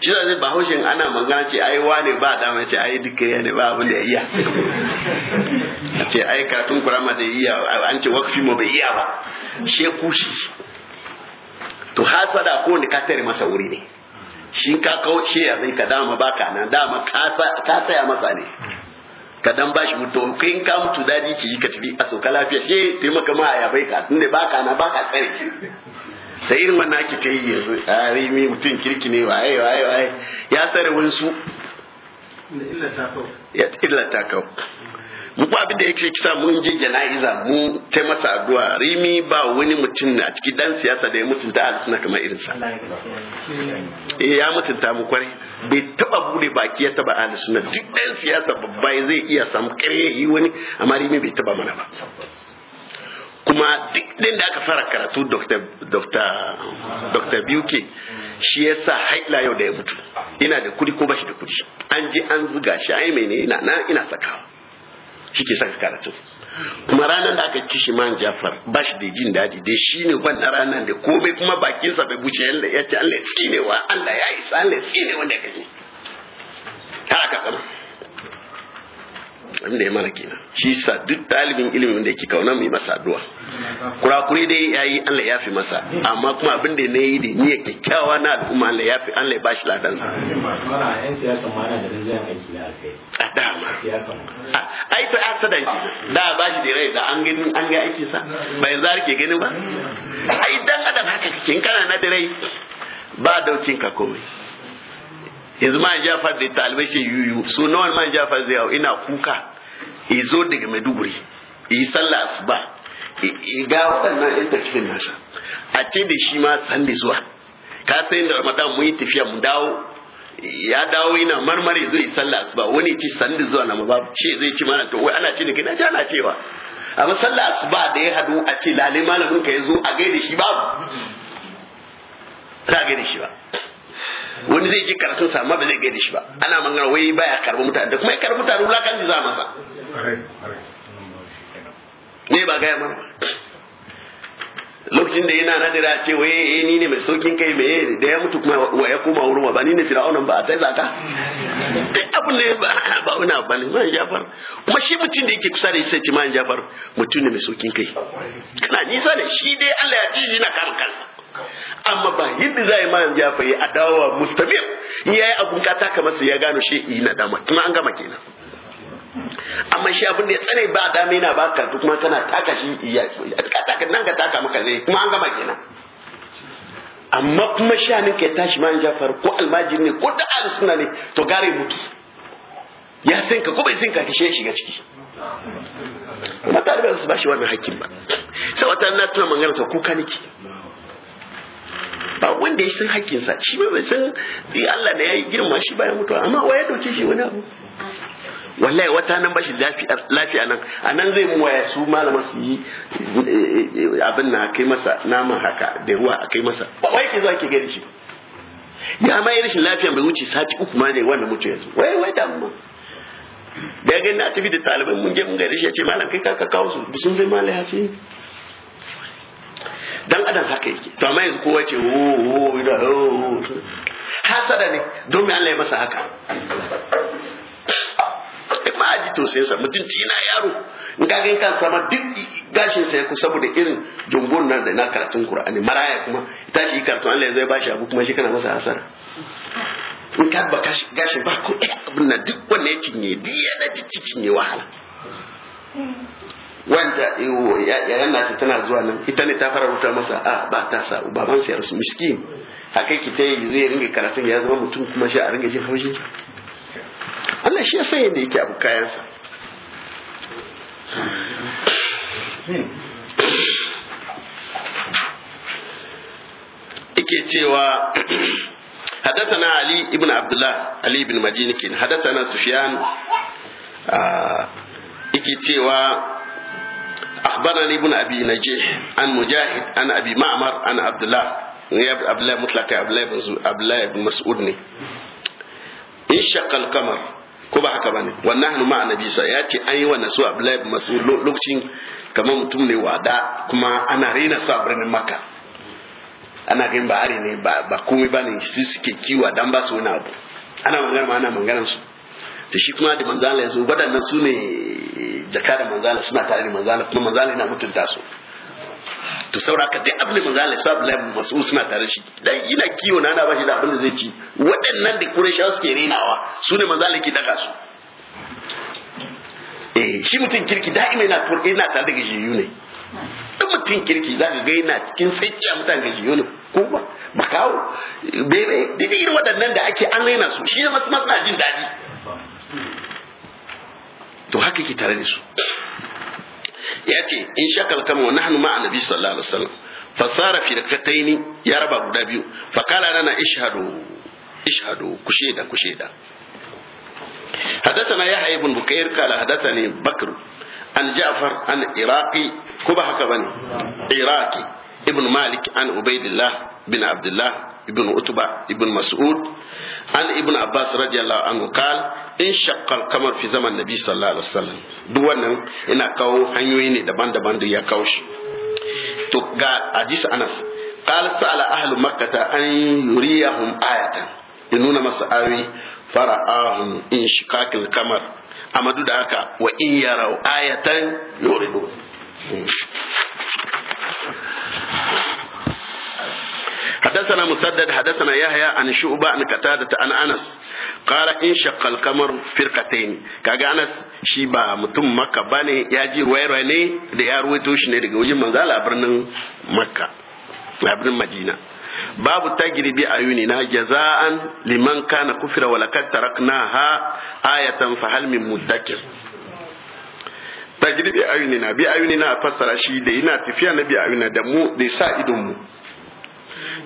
shi zai ba haushin ana magana ce ai wane ba da mace ai duka ya ne ba abin da iya a ce ai karatun kurama da iya an ce wakfi mu bai iya ba she kushi to sada ko ne ka tare masa wuri ne shi ka kauce ya zai ka dama baka nan dama ka tsaya masa ne ka dan bashi mutu kai ka mutu daji ki ka tafi a sauka lafiya she taimaka ma ya bai ka tunda baka na baka tsare da irin wannan ake ta yi yanzu a rimi mutum kirki ne waye waye waye ya tsare wansu ya ta kau mu ba abin da yake kisa mun je jana'iza mu ta masa addu'a rimi ba wani mutum a cikin dan siyasa da ya mutunta a suna kamar irin sa eh, ya mutunta mu kwarai bai taba bude baki ya taba al duk dan siyasa babba zai iya samu kare yi wani amma rimi bai taba mana ba kuma duk ɗin da aka fara karatu dr buke shi ya sa haila yau da ya mutu ina da kudi ko bashi da kudi an je an zuga shi ai mene ina na ina sakawa shi ke saka karatu kuma ranar da aka kishi man jafar ba shi da jin daji da shi ne wannan ranar da komai kuma bakinsa bai buce yadda ya ce allah ya tsinewa allah ya isa allah ya tsinewa da kaji aka kama inda ya mana kenan shi sa duk dalibin ilimin da yake kauna mai masa addu'a kurakure dai yayi Allah ya fi masa amma kuma abin da ne yi da niyya kyakkyawa na al'umma Allah ya fi Allah ya bashi ladan sa a dama ai to a sadan da bashi da rai da an gani an ga aiki sa bai zar ke gani ba ai dan adam haka kike kana na da rai ba daukin ka komai yanzu man jafar da talibai ce yuyu so ma man jafar zai hau ina kuka izo daga maiduguri yi sallah asuba ga waɗannan yan tafiyar nasa a ce da shi ma salli zuwa ka sai da ramadan mun yi tafiya mu dawo ya dawo yana marmari zai sallah asuba wani ci salli zuwa na mababu ce zai ci mana to wai ana ce da kai na ji ana cewa amma sallah asuba da ya hadu a ce lalai malamin ka ya zo a gaida shi babu ba gaida shi ba wani zai ji karatun sa amma ba zai gaida shi ba ana magana wai baya karbi mutane da kuma ya karbi mutane kan za masa ne ba gaya mana lokacin da yana nadira ce wai eh ni ne mai saukin kai mai da ya mutu kuma wa ya koma wurin ba ni ne fir'aunan ba a tsaye zaka abin ne ba wani abu ne man jafar kuma shi mutum da yake kusa da shi sai ce man jafar mutum ne mai saukin kai kana nisa da shi dai Allah ya ci shi na kan kansa amma ba yadda za a yi ma yanzu ya fayi dawowa mustamir in yi abun kata kamar su ya gano shi yi na dama kuma an gama kenan amma shi abin da ya tsare ba dama yana ba karatu kuma tana taka shi iya ka taka nan ka taka maka zai kuma an gama kenan amma kuma shanin ka ya tashi ma jafar ko almajiri ne ko da an suna ne to gare mutu ya sinka ko bai sinka ka shi ya shiga ciki kuma talibai su ba shi wannan hakkin ba sai wata na tuna mangana sa kuka niki ba wanda ya san hakkinsa shi ba bai san eh, Allah da ya yi girma shi bayan mutuwa amma wa ya dauke shi wani abu wallahi wata nan bashi lafiya nan a nan zai waya su malama su yi eh, abin na kai masa naman haka da ruwa a kai masa ba wai ke zuwa ke gani shi ya ma yi rashin lafiya bai wuce sati uku ma ne wannan mutu yanzu wai wai mu da ga na tafi da talibai mun je mun gaida shi ya ce malam kai ka kawo su sun zai malam ya ce dan adam haka yake to amma yanzu kowa ce wo oh, wo oh, ina wo oh, hasada ne don me Allah ya masa haka ma ji to sai sa mutum tina yaro in ka ga kan sama duk gashin sa ya ku saboda irin jungon nan da na karatun Qur'ani maraya kuma ita shi karatu Allah zai bashi abu kuma shi kana masa hasara in ka ba gashi ba ko abin nan duk wanne ya cinye duk yana cinye wahala wanda yana nata tana zuwa nan ita ne ta fara rubuta masa a ah, ba ta sa baban sa ya rasu miskin haka ki ta yi zai ringa karatun ya zama mutum kuma shi a ringa jin haushin sa Allah shi ya san yadda yake abu kayan sa yake cewa حدثنا علي Abdullah عبد الله علي بن مجين حدثنا سفيان آه, ikitewa Abanani ابن أبي نجيح عن مجاهد عن أبي معمر عن عبد الله عبد الله مطلق عبد ne انشق القمر ko ba haka bane wannan hannu ma annabi sa ya ce an yi wannan su Abdullahi bin Mas'ud lokacin kamar mutum ne wada kuma ana rena sa birnin Makka ana ganin ba are ne ba komai bane su suke kiwa dan ba wani abu ana magana ma ana maganar su to shi kuma da manzala yanzu waɗannan su ne jaka da manzala suna tare da manzala kuma manzala yana mutunta su to saura ka dai abin da manzala su abu Abdullahi masu suna tare shi dan ina kiwo na na bashi da abin da zai ci waɗannan da shi suke renawa su ne manzala ke daka su eh shi mutum kirki da'ima yana turki yana tare da gajiyu ne duk mutum kirki za ka ga yana cikin tsakiya mutane gajiyu ne ko ba makawo bebe dai irin waɗannan da ake an raina su shi ya masu na jin daji? to haka ke tare da su ya ce in sha kama wa nahnu ma'a nabi sallallahu alaihi wasallam sara fi rakataini ya raba guda biyu fa kala lana ishhadu ishhadu ku sheda ku sheda حدثنا يحيى بن بكير قال حدثني بكر عن جعفر عن عراقي كبه كبني عراقي ibn malik an ubaidillah bin abdullah ibn utba ibn mas'ud an ibn abbas radiyallahu anhu qal in shaqqa kamar qamar fi zaman nabi sallallahu alaihi wasallam duk wannan ina kawo hanyoyi ne daban-daban da ya kawo shi to ga hadisi anas qala sa'ala ahlu makkah an yuriyahum ayatan ya nuna masa ayoyi fara'ahum in shiqaqil kamar amadu da haka wa in yarau ayatan yuridu hmm. حدثنا مسدد حدثنا يحيى عن شعبة عن قتادة عن أنس قال إن شق القمر فرقتين كاغا أنس شيبا متم مكة بني ياجي روي روي ني da ya ruwaito shi ne daga wajen manzala a birnin Makka a birnin Madina babu tagribi ayuni na jaza'an liman kana kufira wa laqad taraknaha ayatan fa hal min muddakir tagiri bi ayuni na bi ayuni na fassara shi da yana tafiya na bi ayuni da mu da sa idon mu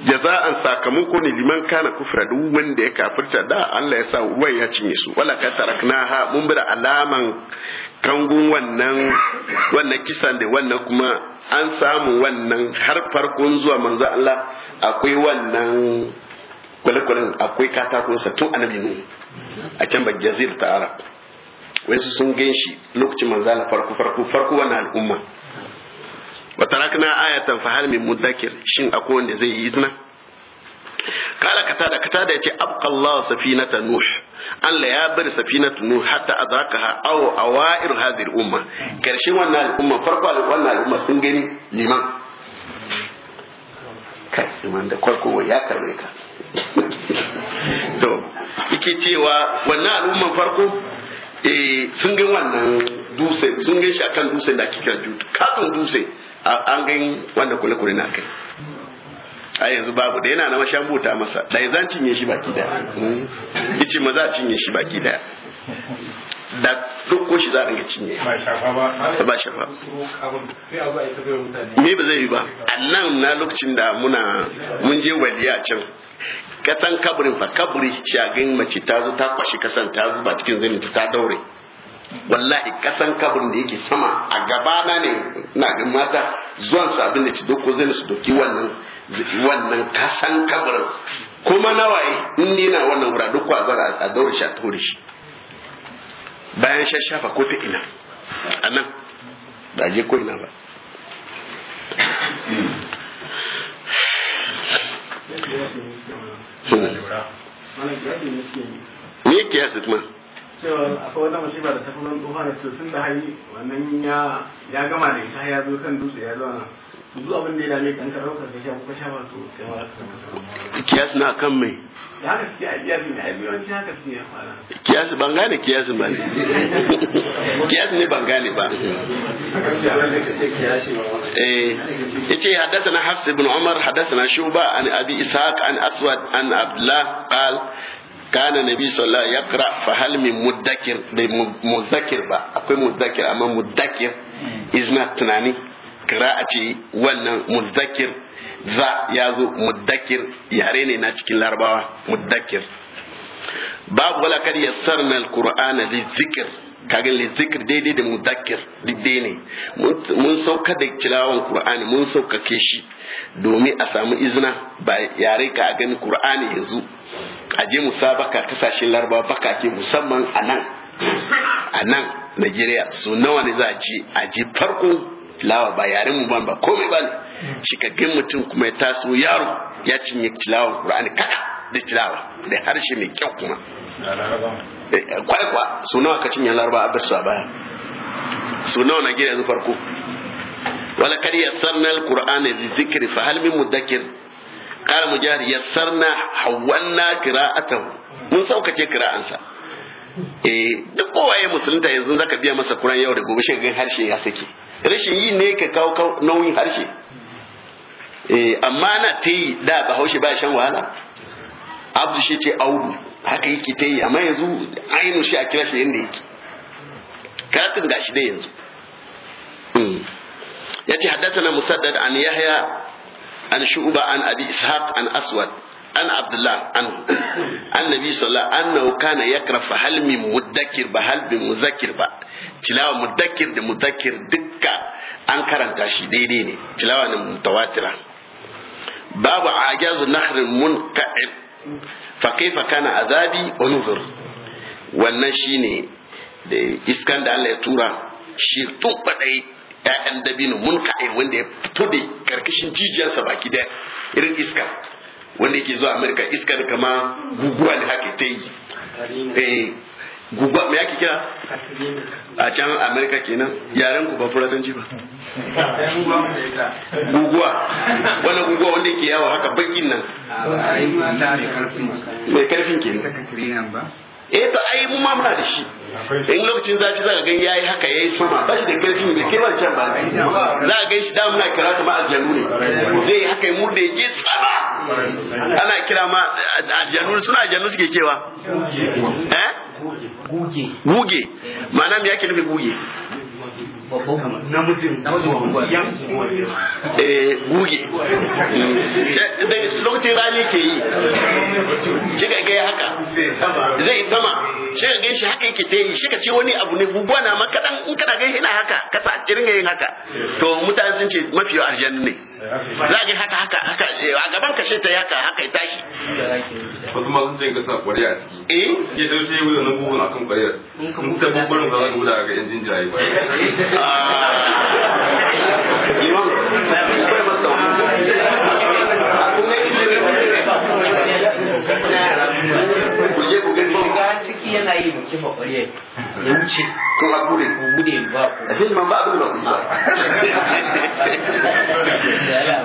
jaza'an sakamako ne liman kana kufra duk wanda ya kafirta da Allah ya sa ruwan ya cinye su wala ka taraknaha mun bi alaman kangun wannan wannan kisan da wannan kuma an samu wannan har farkon zuwa manzo Allah akwai wannan kwalekwalen akwai katakonsa tun annabi ne a can ba ta arab Waisu sun gan shi lokacin manzala farko farko farko wannan al'umma wa tarakna ayatan fa hal min mudakkir shin akwai wanda zai yi izna kala katada ya yace abqa Allah safinata nuh Allah ya bar safinata nuh hatta adrakaha aw awair hadhihi al-umma karshen wannan al'umma farko wannan al'umma sun gani liman kai liman da farko ya karbe ka <laughs> to yake cewa wannan al'umman farko eh sun gan wannan dutse sun gan shi akan dutse da ake kira jut dutse an gan wanda kula kule na kai a yanzu babu da yana na mashan buta masa da zan cinye shi baki daya hmm. yace ma za cinye shi baki daya da dukko shi za a ringa cinye ba shafa me ba zai yi ba annan na lokacin da muna mun je waliya can kasan kaburin fa kaburi shagin mace ta zo ta kwashi kasan ta zuba cikin zanin ta daure wallahi kasan kaburin da yake sama a gabana ne na ga mata zuwan su abin da ci doko zai su doki wannan wannan kasan kaburin kuma nawaye in ni na wannan wura duk a daure shi a tore shi bayan shashafa ko ta ina a nan ba je ko ina ba ne kiyasi ma cewa akwai wata masifa da tafi wani tsohon da tun da hari wannan ya gama da ita ya zo kan dutse ya zauna duk abin da ya dame kan karo ka sha ko sha ba to sai ma ka kiyas na kan mai da haka bin abiyanci haka ya fara kiyas ban gane kiyas <laughs> kiyas ne ban gane ba eh yace haddathana hafs ibn umar haddathana shuba an abi ishaq an aswad an abdullah qal kana nabi sallallahu alaihi wasallam yaqra fa hal min mudakkir da muzakkir ba akwai mudakkir amma mudakkir hmm. is not tunani Kira a ce wannan muddakir za ya zo muddakir yare ne na cikin larabawa muddakir babu wala ya yassarna alqur'ana lizikr kaga lizikr daidai da muddakir daidai ne mun sauka da tilawan qur'ani mun saukake shi domin a samu izina ba yare ka gani qur'ani yanzu aje musabaka kasashen larabawa ke musamman anan anan Najeriya su nawa ne za a ci a ji farko tilawa ba yaren mu ban ba komai ban shikakken mutum kuma ya taso yaro ya cinye tilawa Qur'ani kada da tilawa da harshe mai kyau kuma kwai kwa su nawa ka cinye laraba a birsa baya su nawa na gida yanzu farko wala kar yassarna alqur'ana li dhikri fa hal min mudakkir qala mujahid yassarna hawanna qira'atahu mun saukace qira'ansa eh duk kowaye musulunta yanzu zaka biya masa Qur'an yau da gobe shi harshe ya sake rashin yi ne ka kawo nauyin harshe eh, amma na ta yi da bahaushe ba shan wahala abdu shi ce audu haka yake ta yi amma yanzu ainu shi a kira shi yadda yake karatun gashi dai yanzu hmm. ya ce na musaddad an yahya an shu'ba an abi ishaq an aswad an abdullah an <coughs> Nabi sallallahu alaihi wasallam kana yakra fa hal min mudakkir ba hal bin muzakkir ba tilawa mudakkir da mudakkir dukka an karanta shi daidai ne tilawa ne mutawatira babu ajazu nahrin munqa'id fa kaifa kana azabi wa nuzur wannan shine da iskan da Allah ya tura shi tun fadai ƴaƴan dabino munqa'id wanda ya fito da karkashin jijiyarsa baki da irin iska wanda yake zuwa Amerika iskar kama guguwa ne haka ta yi eh, guba me yake kira a can amerika kenan yaren ku ba fulatanci ba guguwa wannan guguwa wanda ke yawa haka bakin nan mai karfin kenan eh to ai mu ma muna da shi in lokacin zaci zaka ga yayi haka yayi sama ba shi da karfin da kirwa can ba za ga shi da muna kira kuma aljanu ne zai haka mu da yake tsama ana kira ma aljanu suna aljanu suke cewa eh guge ma'ana me yake nufi guge guge lokacin rani ke yi shiga gaya haka zai sama wani abu ne guguwa na makaɗan in kana yana yin haka to mutane sun ce mafi ne za haka haka haka eh, a gaban ka sai ta yaka haka ya tashi wasu ma sun ce ga sa kwarya a ciki eh ya shi yi na bugun akan kwaryar kun ta bubbarin za ka guda ga ah shiga ciki yana yi mu kifa ƙwarya ya wuce ko a gure ko gude ba a sai man ba abin da ba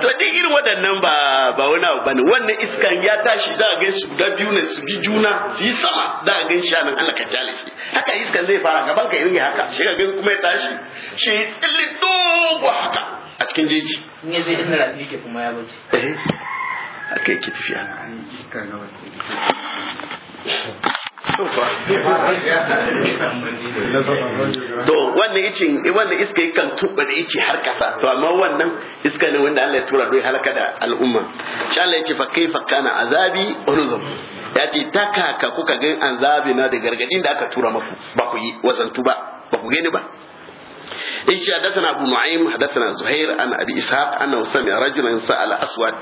<laughs> to duk irin waɗannan ba ba wani abu bane wannan iskan ya tashi za a gan shi guda biyu ne su bi juna su yi sama za a gan shi anan Allah ka jale shi haka iskan zai fara gaban ka irin haka shi ga gan kuma ya tashi shi tsilli dogo haka a cikin jeji in ya zai dinna rafi ke kuma ya bace eh haka yake tafiya to wannan icin wannan iska yakan tuba da ice har kasa to amma wannan iska ne wanda Allah ya tura don halaka da al'umma sha Allah ya ce fa kaifa kana azabi unzur ya ce ta kaka kuka gan azabi na da gargadin da aka tura maku ba ku yi wazantu ba ba ku gani ba yace hadathana abu nu'aym hadathana zuhair an abi ishaq anna sami rajulan sa'ala aswad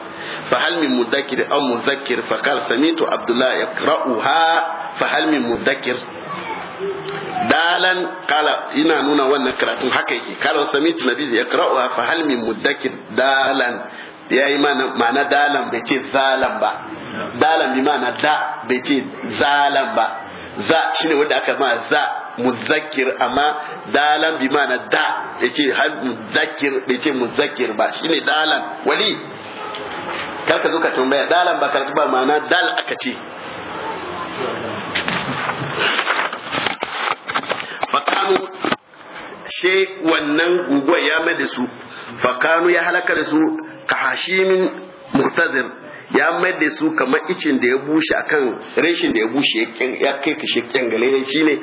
fa hal min mudakkir aw mudhakkir fa qala sami'tu abdullah yaqra'uha fa hal min mudakkir kala ina nuna wannan karatun haka yake kala samitu nabi ya fa hal min mudakkir dalan yayi mana ma'ana dalan bai ce zalan ba dalan bi ma'ana da bai ce zalan ba za shi ne wanda aka ma za muzakir amma dalan bi mana da yace muzakir muzakkir ce muzakir ba shi ne dalan wali kar ka zo ka tambaya dalan ba karka ba ma'ana dal aka ce fakanu she wannan guguwa ya mai da su fakanu ya halaka da su ka hashimin muhtazir ya mai da su kamar icin da ya bushe akan reshin da ya bushe ya kai kashe kyangale ne shine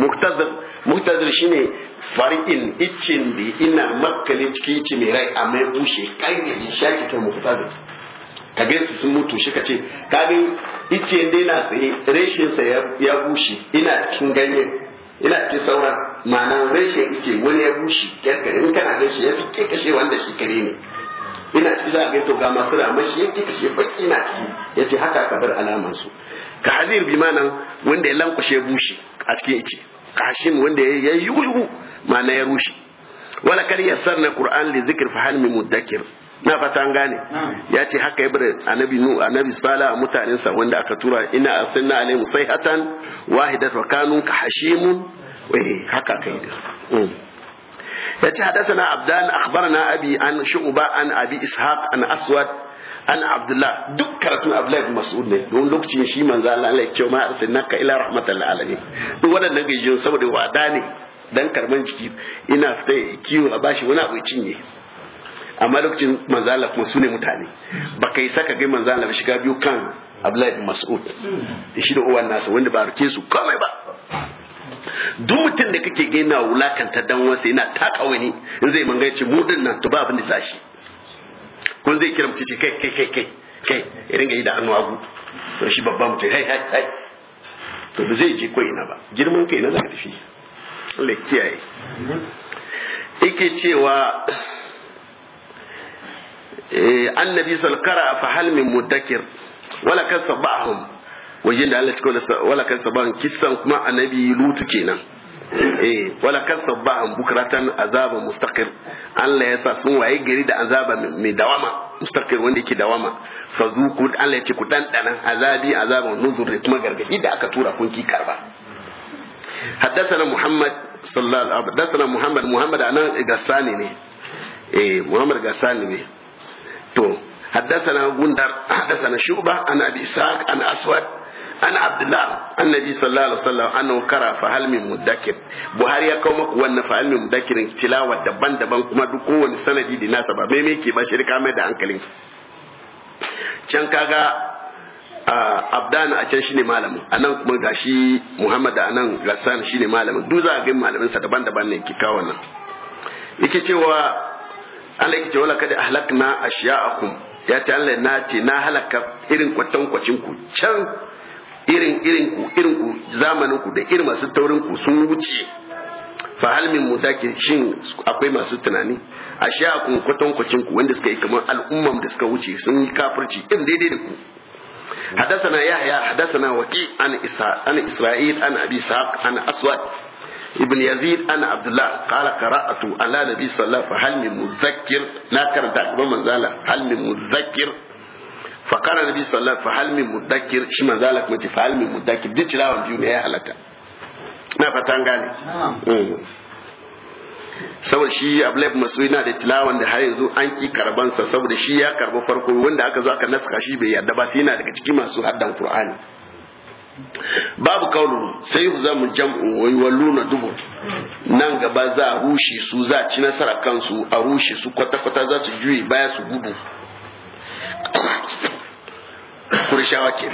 muktazir muktazir shine fari'in icin da ina makale cikin icin mai rai a mai bushe kai da shaki ta muktazir ka ga su sun mutu shi ka ce ka ga icin da yana tsaye reshin sa ya bushe ina cikin ganye ina cikin sauran ma'ana reshin ice wani ya bushe kyangale in kana da ya fi kashe wanda shi kare ne ina ciki za a gaito ga masu ramashi ya ciki shi baki na ciki ya ce haka ka bar alaman su ka hadir bi manan wanda ya lankwashe bushi a cikin ice ka wanda ya yi yugu ma'ana ya rushe wala kar yassar na qur'an li zikir fa hal mudakkir na fata an gane ya ce haka ya bar annabi nu annabi sala mutanen sa wanda aka tura ina asanna alaihim sayhatan wahidatan wa kanun ka hashimun eh haka kai yace hadathana abdan akhbarana abi an shu'ba an abi ishaq an aswad an abdullah duk karatun abdullah ibn mas'ud ne don lokacin shi manzo Allah ya ce ma arsalnaka ila rahmatal alamin duk wadannan gajiyun saboda wada ne dan karban jiki ina fita kiwo a bashi wani abu cinye amma lokacin manzo Allah kuma sune mutane ba yi saka ga manzo Allah shiga biyu kan abdullah ibn mas'ud shi da uwan nasa wanda ba rike su komai ba duk mutum da kake ga wulakanta dan wasu yana taka wani in zai manga yace mu din nan to ba abin da zashi ko zai kira mutum ce kai kai kai kai kai ya ringa yi da hannu hagu to shi babba mutum hai hai hai to ba zai je ko ina ba girman kai na zaka tafi Allah kiyaye yake cewa eh, annabi salkara fa hal min mudakkir wala kan sabahum wajen da Allah cikin wala kan sabahan kisan kuma annabi lutu kenan eh wala kan sabahan bukratan azaba mustaqir Allah ya sa sun waye gari da azaba mai dawama mustaqir wanda yake dawama fazuku Allah ya ce ku dandana azabi azaban nuzur kuma gargadi da aka tura kun ki karba حدثنا محمد صلى الله عليه وسلم حدثنا Muhammad محمد Gasani ne eh Muhammad Gasani ne to حدثنا غندر حدثنا شعبة عن أبي إسحاق عن أسود an abdullah annabi sallallahu alaihi wasallam an kara fa hal min mudakkir buhari ya kawo maka wannan fa hal min mudakkirin tilawa daban-daban kuma duk kowane sanadi da nasa ba me yake ba shirka mai da hankalin can kaga abdan a can shine malamin anan kuma gashi muhammad da anan gassan shine malamin duk za a ga malamin sa daban-daban ne ki kawo nan yake cewa Allah yake cewa laqad ahlakna ashya'akum ya ce Allah na ce na halaka irin kwatankwacin ku can irin irin ku irin ku zamanin ku da irin masu taurin ku sun wuce fa hal min mutakin shin akwai masu tunani a sha kun kwatan kwakin ku wanda suka yi kamar al'ummar da suka wuce sun yi kafirci irin daidai da ku حدثنا يحيى حدثنا وكيع عن إسحاق عن إسرائيل عن أبي إسحاق عن Ibn ابن يزيد عن عبد الله قال قرأت على النبي صلى الله عليه وسلم فهل من مذكر ناكر من هل من مذكر qala nabi sallallahu fa halmi mudakkir shi man zalak mace fa halmi mudakkir duk tilawan biyu ne ya halata na an gane eh. saboda shi Abdullahi Masud yana da tilawan da har yanzu an ki karban sa saboda shi ya karba farko wanda aka zo aka nasu shi bai yarda ba sai yana daga cikin masu haddan Qur'ani babu kaulun sai zamu jam'u wa yawalluna dubu. nan gaba za a rushe su za a ci nasara kansu a rushe su kwata-kwata za su juye baya su gudu kurshawa ke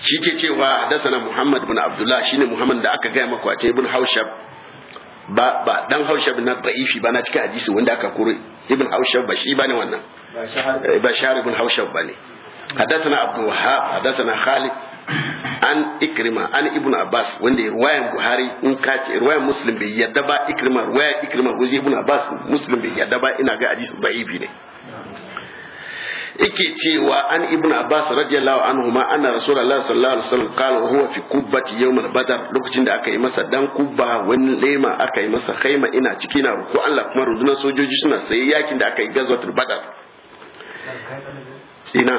shi ke cewa na muhammad bin abdullah shine muhammad da aka gaya a ce ibn haushab ba ba dan haushab na da'ifi ba na cikin hadisi wanda aka kuri ibn haushab ba shi bane wannan ba shahar ibn haushab bane حدثنا عبد الوهاب na خالد an ikrima an ibn abbas wanda ruwayan buhari in ka ce ruwayan muslim bai yadda ba ikrima ruwayan ikrima ko ibn abbas muslim bai yadda ba ina ga hadisi da'ifi ne yake cewa an ibn abbas radiyallahu anhu ma anna rasulullahi sallallahu alaihi wasallam qala huwa fi kubbati yawm badr lokacin da aka yi masa dan kubba wani lema aka yi masa khaima ina ciki na ruku Allah kuma rundunar sojoji suna sayi yakin da aka yi gazwatul badr ina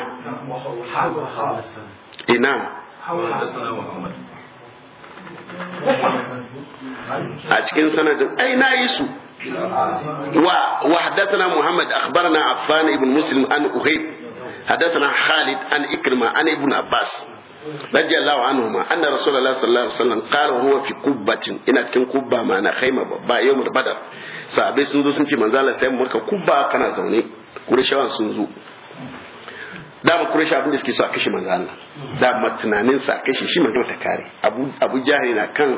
ina a cikin sanadin ai na yi su وحدثنا محمد أخبرنا عفان بن مسلم عن أهيب حدثنا خالد عن إكرمة عن ابن عباس رضي الله عنهما أن رسول الله صلى الله عليه وسلم قال هو في قبة إن كان قبة ما أنا خيمة بابا يوم البدر صحابي سنزو سنتي منزالة سيم مركا قبة كان زوني قرشوان سنزو dama kureshi abin da suke so a kashe manzo Allah dama tunanin sa a kashe shi manzo ta kare abu abu jahili na kan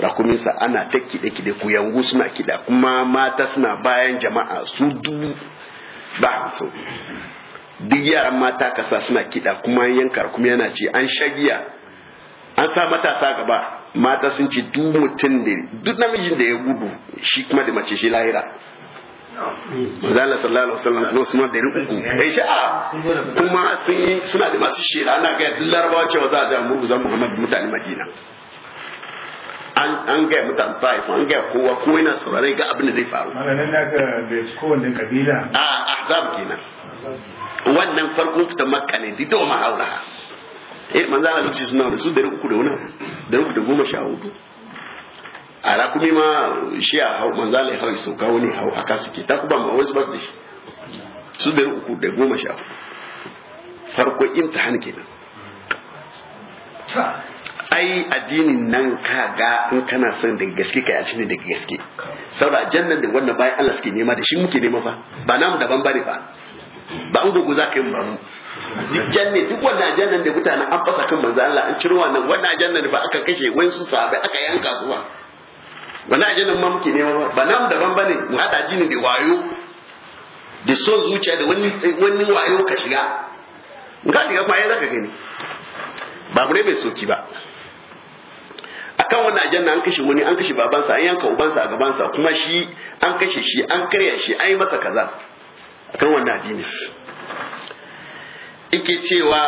rakuminsa ana ta kide-kide kuyangu suna kida kuma mata suna bayan jama'a su dubu ba so duk yaran mata kasa suna kida kuma yanka kuma yana ce an shagiya an sa matasa gaba mata sun ce duk mutum da duk namijin da ya gudu shi kuma da mace shi lahira Zala sallallahu alaihi wasallam suna da uku bai sha'a kuma suna da masu ana ga larabawa cewa za a da murguzan Muhammad mutane Madina an gaya mutan ta'ifa an gaya kowa kowa yana saurare ga abin da zai faru a azab kenan wannan farkon fita makka ne dido ma haura eh manzo Allah lokaci suna da su da uku da wani da uku da goma sha hudu a rakumi ma shi a hau manzo Allah ya hau sauka wani hau aka suke ta kuma ma wani basu da shi su da uku da goma sha hudu farko imtihan kenan ai addinin nan ka ga in kana son da gaske kai addini da gaske saboda jannan da wannan bayan Allah suke nema da shi muke nema fa ba namu daban bane fa ba an gugu za ka yi ba mu duk janne duk wannan jannan da mutane an fasa kan manzo Allah an ciro wannan wannan jannan ba aka kashe wai su sabai aka yanka su ba wannan jannan ma muke nema ba namu daban bane mu hada jini da wayo da so zuciya da wani wani wayo ka shiga in ka shiga kuma za zaka gani ba mure ne mai soki ba akan wannan ajanna an kashe wani an kashe babansa an yanka ubansa a gabansa kuma shi an kashe shi an karya shi an yi masa kaza akan wannan addini ike cewa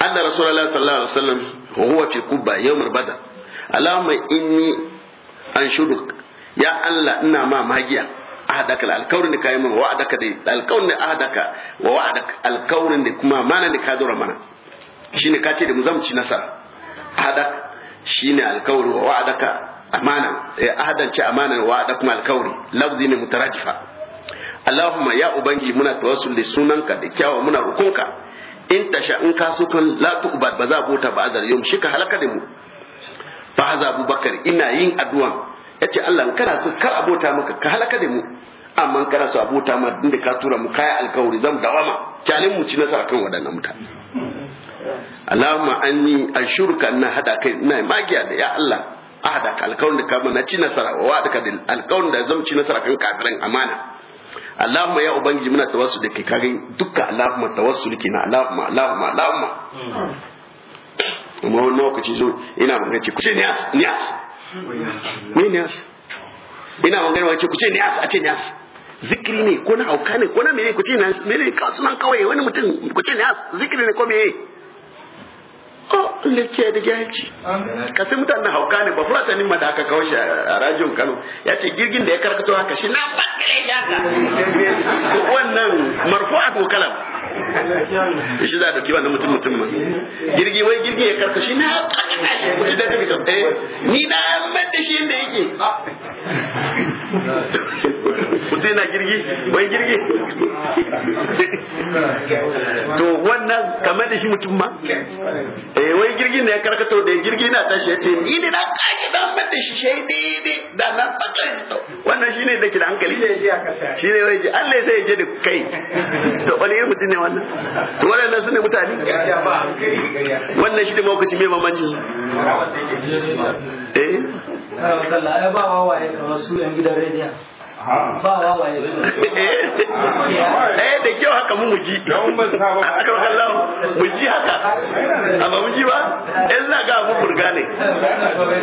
anna rasulullah sallallahu alaihi wasallam huwa fi kubba yawmul badr allahumma inni anshuduk ya allah ina ma magiya ahadaka alkaurin da ka yi min adaka da alkaurin da ahadaka wa wa'adaka alkaurin da kuma mana da ka zura mana shine ka ce da mu zamu ci nasara shi shine alkawari wa wa'adaka amana eh, ahadance amana wa wa'ada kuma alkawari lafzi ne mutarajifa Allahumma ya ubangi muna tawassul da sunanka da kyawa muna rukunka in tasha in ka kan la tuqbal ba za bota ba azal yau shika halaka da mu fa haza abubakar ina yin addu'a yace Allah in kana so kar abota maka ka halaka da mu amma in kana so abota ma inda ka tura mu kai alkawari zan dawama kyalin mu ci nasara kan wadannan mutane Allahumma anni ashurka na hada kai na magiya da ya Allah hada ka alkawun da kama na ci nasara wa waɗa ka da alkawarin da zan ci nasara kan kafirin amana Allahumma ya ubangiji muna tawassul da kai ka gani dukkan Allahumma tawassul na Allahumma Allahumma Allahumma amma wani lokaci zo ina magana ce kuce niyas niyas wai niyas ina magana wace kuce niyas a ce niyas zikiri ne ko na hauka ne ko na mene kuce niyas mene sunan kawai wani mutum kuce niyas zikiri ne ko mene ko lekiya da gaci ka sai mutanen hauka ne ba furata ni da aka kawo shi a rajin Kano ya ce girgin da ya karkato haka shi na bakare shi wannan marfu marfu'at mukalam shi za a wannan mutum wai jirgi ya karka na karka shi Mutu ni na da shi inda yake yana jirgi wai jirgi. to wannan kamar da shi mutum ma eh, wai ne ya karkato da na tashi ya ce ni na na da shi shi daidai da na wannan ne da da hankali wai Allah ya sai ya je da kai to wani mutum ne wannan to wannan su ne mutane wannan shi ne mawukaci mai mamaci eh ba wa wawaye kamar su yan gidan rediyo Eh, eh da kyau haka mu muji a kan Allah mu ji haka amma mu ji ba eh suna ga mu burga ne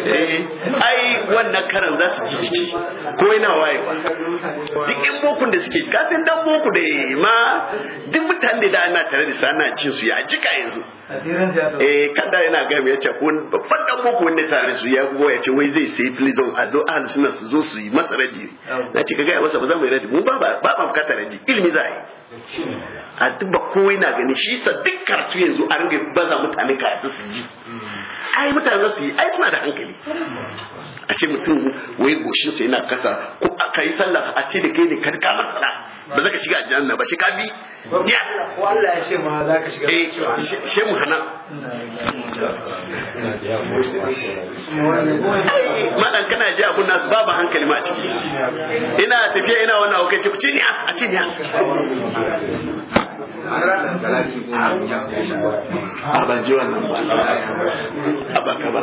eh ai wannan karan za su ji jiki ko ina waye ba duk in bokun da suke kasin dan boku da ma duk mutane da ana tare da su ana cin su ya jika yanzu eh kada yana ga ya ce kun babban dan boko wanda tare su ya go ya ce wai zai sai prison a zo ahli sunna su zo su yi masa raji na ce kaga masa ba za mu yi radi mu ba ba ba raji ilimi za yi a ba kowai na gani shi sa duk karatu yanzu a ringa baza mutane karatu su ji hmm. ai mutane su yi ai suna da hankali a ce mutum wai goshin sa yana kasa ko aka yi sallah a ce da kai ne ka kama sallah ba za ka shiga aljanna ba shi ka bi ya wallahi ya ce ma za ka shiga eh she mu hana madan kana ji abun nasu babu hankali ma a ciki ina tafiya ina wannan hukunci ku ce ni ah, a ce ni a ah. Abajiwa na ji wannan ba ba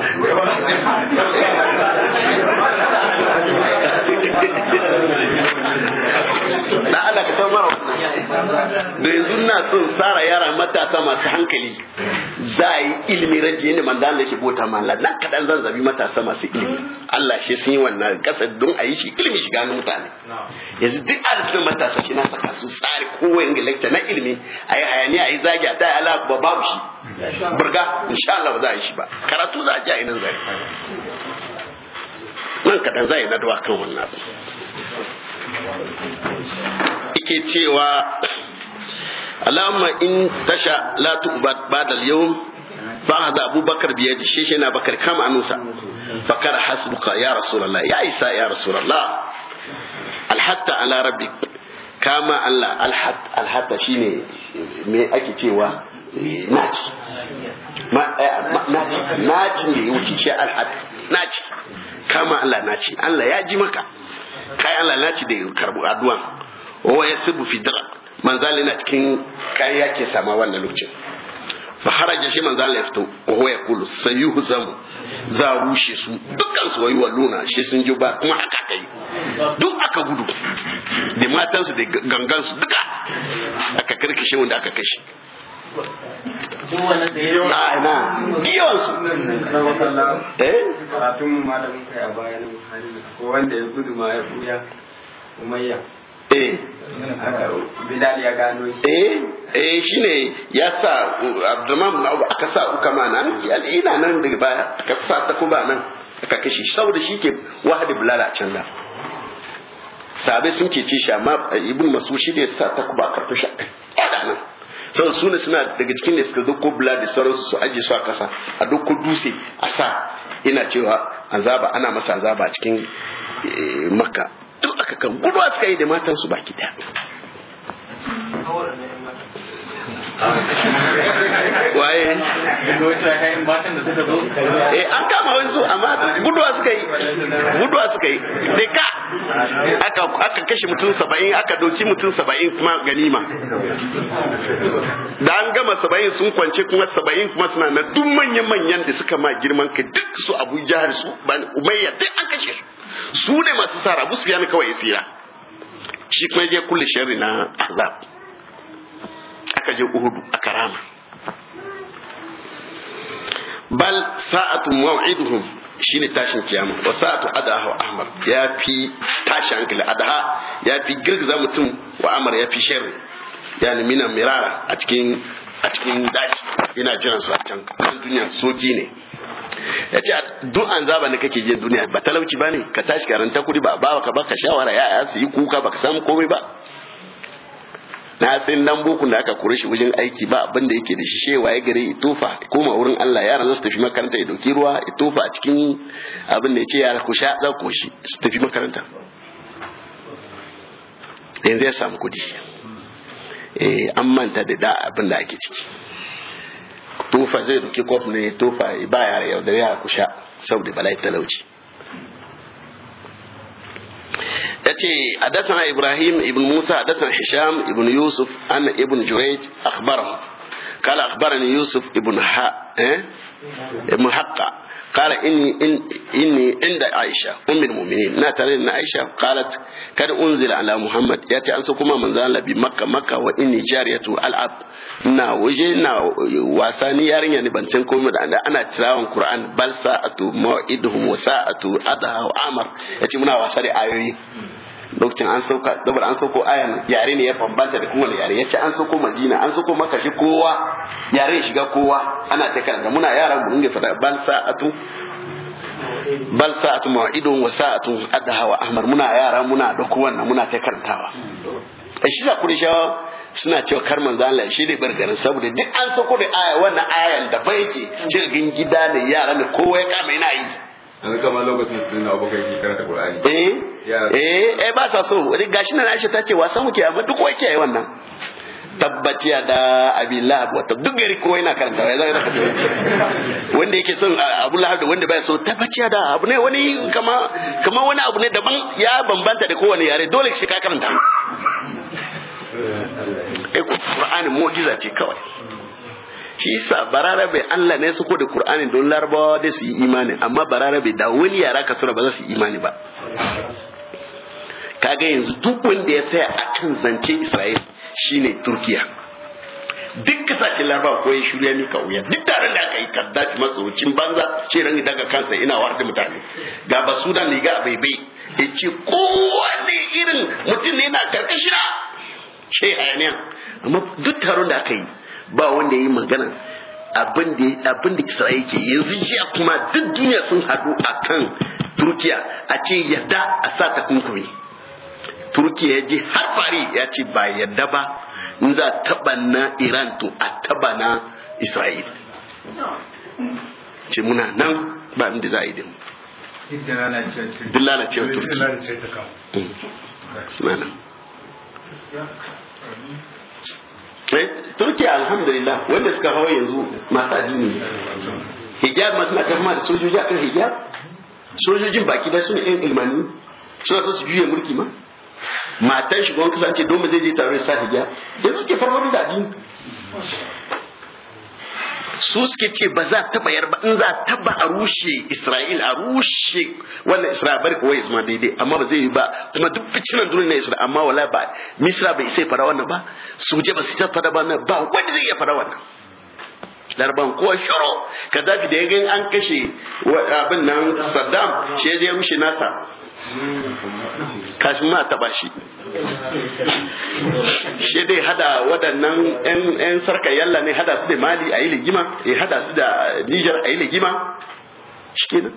da Allah ka san mara da yanzu na son tsara yara matasa masu hankali za a yi ilimi raji yadda manzo Allah ke bota ma na nan kadan zan zabi matasa masu ilimi Allah shi sun yi wannan kasar don a yi shi ilimi shiga na mutane yanzu duk arzikin matasa shi na saka su tsari ga lecture na ilimi a yi hayaniya a yi zagi a ta yi ala babu shi burga insha Allah ba za a yi shi ba karatu za a ji inin zari nan kadan za a yi nadawa kan wannan abu ike cewa alama in tasha la tuqbat badal yawm fa hada abubakar biyadi shi shi na bakar kama anusa fakar hasbuka ya rasulullah ya isa ya rasulullah alhatta ala rabbik kama Allah alhat alhatta shine me ake cewa naci eh, naci naci ne wuce shi alhat naci kama Allah na ce Allah ya ji maka kai Allah na ce da karbu addu'a wa yasbu fi dara manzali na cikin kai yake sama wannan lokacin fa haraja shi manzali ya fito wa huwa yaqulu sayuhzamu za rushe su dukkan su wayi walluna shi sun ji ba kuma haka kai duk aka gudu da matansu da gangansu duka aka karkashe wanda aka kashe E, e, shine yawa ko wanda ya gudu ma ya fuya umayya eh. Bilal ya gano shi. Eh, eh shi ne ya sa Abdulman na Abu aka sa uka ma nan, ina nan daga baya aka sa ta kuma nan aka kashe shi saboda shi ke wahadi Bilal a can da. Sabe sun ke ce shi amma Ibn Masud shi ne ya sa ta kuma a karfi shi a nan. sun su suna daga cikin da suka dukko bula da sauransu su aje su a kasa a dukko dutse a sa ina cewa azaba ana masa azaba cikin eh, makka duk aka kan gudu suka yi da matansu baki daya waye eh an kama wasu amma guduwa suka yi guduwa suka yi da ka aka aka kashe mutum saba'in aka doki mutum saba'in kuma ganima da an gama saba'in sun kwance kuma saba'in kuma suna na duk manyan manyan da suka ma girman ka duk su abu jihar su umayya duk an kashe su su ne masu sara abu su kawai ya tsira shi kuma ya kulle shari na Allah. aka je uhudu aka karama bal sa'atu maw'iduhum shine tashin kiyama wa sa'atu adahu ahmar ya fi tashi hankali adaha ya fi girgiza mutum wa amar ya fi sharri yani mina mirara a cikin a cikin daji yana jiran su a can kan duniya soki ne ya ce duk an zaba ne kake je duniya ba talauci ba ne ka tashi karanta kudi ba ba ka ba ka shawara ya su yi kuka ba ka samu komai ba na san dan bukun da aka kore shi wajen aiki ba abin da yake da shi shewa ya gare ya tofa koma wurin Allah yaran su tafi makaranta ya dauki ruwa ya tofa a cikin abin da yace yara ku sha za ku shi su tafi makaranta yanzu ya samu kudi eh an manta da da abin da ake ciki tofa zai dauki kof ne tofa ba yara yaudare yara ku sha saboda bala'i talauci yace hadathana ibrahim ibn musa hadathana hisham ibn yusuf an ibn jurayj akhbara قال أخبرني yusuf ابن ح... qala inni inni inda aisha ummul mu'minin na tare da aisha qalat kad unzila ala ya ce an so kuma manzo Allah bi makka makka wa inni jariyatu al'ab na waje na wasa ni yarinya ne ban san komai da ana tilawan qur'an bal sa'atu mau'iduhum wa sa'atu adha wa amr yace muna wasa da ayoyi lokacin an sauka dabar an sauko ayan yare ne ya bambanta da kuma yare yace an sauko Madina an sauko maka shi kowa yare shiga kowa ana ta karanta muna yaran mu inge fada bal sa'atu bal sa'atu mawidun wa sa'atu adha wa ahmar muna yara muna dauko wannan muna ta karantawa a shi sa shawa suna cewa kar manzo Allah shi ne bargarin saboda duk an sauko da aya wannan ayan da bai ce shi gida ne yara ne kowa ya kama yana yi yanzu kama lokacin su na abokan yake karanta Qur'ani eh eh eh ba sa so gashi nan Aisha ta ce wasan muke amma duk wai kiyaye wannan tabbaci da abillah wata duk gari kowa yana karanta ya zaka tafi wanda yake son abu lahab da wanda baya so tabbaci da abu ne wani kama kama wani abu ne daban ya bambanta da kowane yare dole shi ka karanta eh, eh Qur'ani mu'jiza ce kawai shi sa bararabe Allah ne su da Kur'ani don larabawa da su yi imani amma bararabe da wani yara kasura ba za su yi imani ba kaga yanzu duk wanda ya saya akan zance Isra'il shine Turkiya duk kasashen larabawa ko ya shirya ni ka wuya duk tare da aka yi masu matsaucin banza shi rangi daga kansa ina war da mutane ga ba sudan ne bai baibai ya ce kowane irin mutum ne na karkashina shi hayaniya amma duk taron da aka yi ba wanda ya yi magana abin da kisra yake yanzu jiya kuma duk duniya sun haɗu a kan turkiya a ce yadda a sa kunkuri turkiya ya ji har fari ya ce ba yadda ba in za taɓa na iran to a taɓa na isra'il ce muna nan ba inda za a yi da mu duk turkiya mm. suna nan sai turki alhamdulillah wanda suka hawa yanzu masu addini hijab masu na kama da sojoji akan hijab sojojin baki da suna yan ilmani suna so su juya mulki ma matan shugaban kasance don ba zai je tare sa hijab yanzu ke farfado da addini su suke ce ba za taba yarba, ba in za taba a rushe Isra'il a rushe wannan Isra'il bari kawai Isma daidai amma ba zai yi ba kuma duk ficinan duniya na Isra'il amma wala ba Misra bai sai fara wannan ba je ba su ta fara ba wannan ba wanda zai iya fara wannan Larban ko shiro Gaddafi da ya gani an kashe abin nan Saddam shi ya je nasa kashin ma taba shi shi dai hada waɗannan 'yan sarka yalla ne hada su da mali a yi ligima ya eh, hada su da nijar a yi ligima shi nan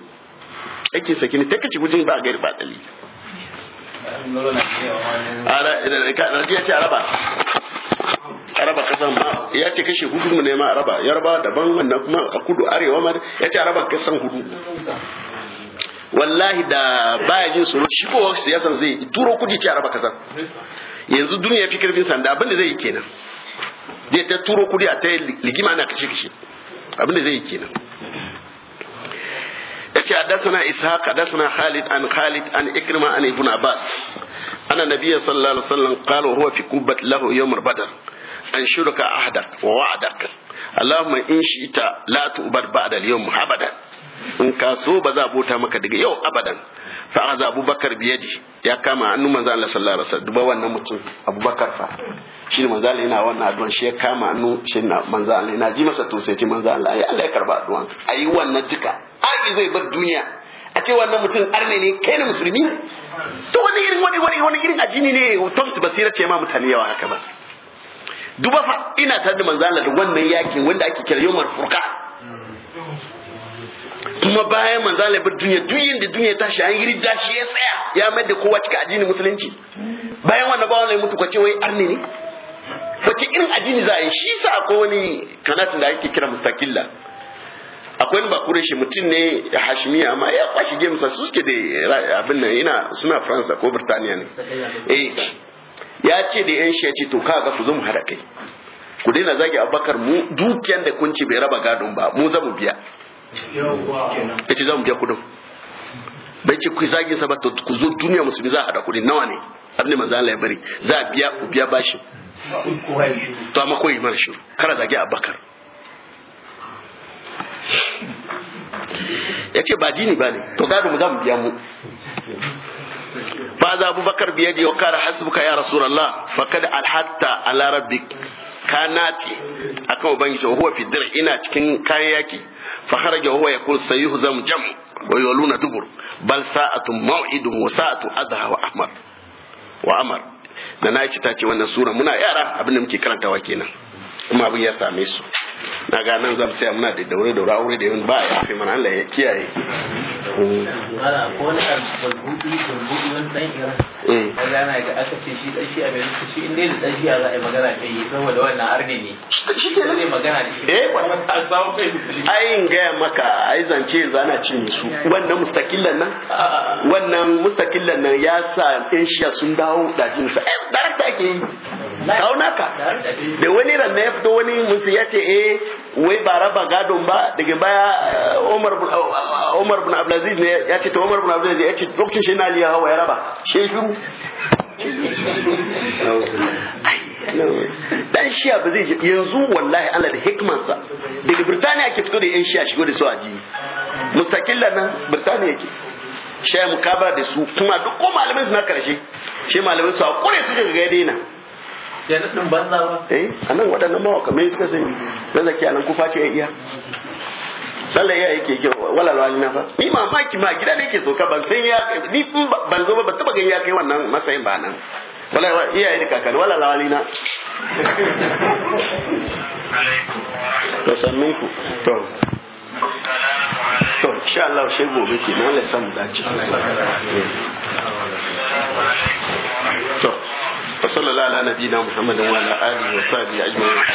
ake saki ne ta ba a gari ba ya ce araba araba kasan ma ya ce kashe hudu mu ne ma araba yarba daban wannan kuma a kudu arewa ma ya ce araba kasan hudu wallahi da baya jin tsoro shi ko yasan zai turo kudi ci araba kasar yanzu duniya fi karfin sanda abinda zai yi kenan zai ta turo kudi a ta ligima na kashe kashe abinda zai yi kenan Ya yace hadathana ishaq na khalid an khalid an ikrima an ibn abbas ana nabiyya sallallahu alaihi wasallam qala huwa fi kubbat lahu yawmar badr an shuraka ahdak wa allahumma in إن شئت لا تؤبد بعد اليوم أبدا in ka so ba za a bota maka daga yau abadan fa aza abubakar biyadi ya kama annu manzo Allah sallallahu alaihi wasallam duba wannan mutum abubakar fa shi ne manzo Allah yana wannan addu'a shi ya kama annu shi ne manzo Allah yana ji masa to sai ce manzo Allah ai Allah ya karba addu'an ayi wannan duka ai zai bar duniya a ce wannan mutum arne ne kai ne musulmi to wani irin wani wani wani irin ajini ne Thomas Basira ce ma mutane yawa haka ba duba fa ina tare da manzo Allah da wannan yakin wanda ake kira yawmar Furqan kuma bayan manzo Allah bar duniya duk yanda duniya ta shi an yi ridda shi ya tsaya ya mai da kowa cikin addini musulunci bayan wannan bawon Allah mutu kwace wai arni ne wace irin addini za a yi shi sa akwai wani kanatin da ake kira mustaqilla akwai wani bakure shi mutum ne ya hashimiya amma ya kwashi gemsa su suke da abin nan ina suna faransa ko birtaniya ne eh ya ce da yan shi ya ce to ga ku zo mu hada kai ku daina zagi abubakar mu dukiyan da kunci bai raba gadon ba mu za mu biya ya ce za mu biya kudin bai ce ku zage sa ba ta ku zo duniya musulmi za a hada kudin nawa ne abin da manzo Allah ya bari za a biya ku biya bashi to amma koyi mana shiru kara zage Abubakar ya ce ba jini ba ne to gado mu za mu biya mu fa za Abubakar biya ji wa kara hasbuka ya rasulullah faqad alhatta ala rabbik ka nace akan ubangiji wa huwa fidir ina cikin kayan yaki fa kharaja huwa yaqul sayuhzam jam wa yuluna dubur bal sa'atu maw'idun wa sa'atu adha wa ahmar wa amar da na ci ta ce wannan sura muna yara abin da muke karantawa kenan kuma abin ya same su na ga nan zan sai muna da daure daure aure da yawan ba ya fi mana Allah ya kiyaye eh. ayin gaya maka ai zance zana cin su wannan mustakillan nan wannan mustakillan nan ya sa ɗin shiya sun dawo da jinsa eh, darakta ake yi kaunaka da wani ran ya fito wani musu ya ce eh wai ba raba gadon ba daga baya eh, eh, Umar bin Abdulaziz ne ya ce to Umar bin Abdulaziz ya ce lokacin shi na Ali ya hawa ya raba shi shiru dan shiya ba zai yanzu wallahi Allah da hikmansa daga Birtaniya ke fito da yan shiya shigo da su aji mustaqilla nan Birtaniya ke shaya mukaba da su kuma duk ko malamin su na karshe shi malamin su a kure su daga gaidai na kenan din banza ba eh anan waɗannan mawaka me suka sani dan zaki anan kufa ce iya sallah ya yake kyau wala wali na fa ni ma mamaki ma gida ne yake soka ban san ya ni ban zo ba ban taba gani ya kai wannan matsayin ba nan wala iya da kakan wala wali na to sannin ku to to insha Allah shi gobe ke nan lissan da samu to wa sallallahu ala nabiyina muhammadin wa ala alihi yi sahbihi ajma'in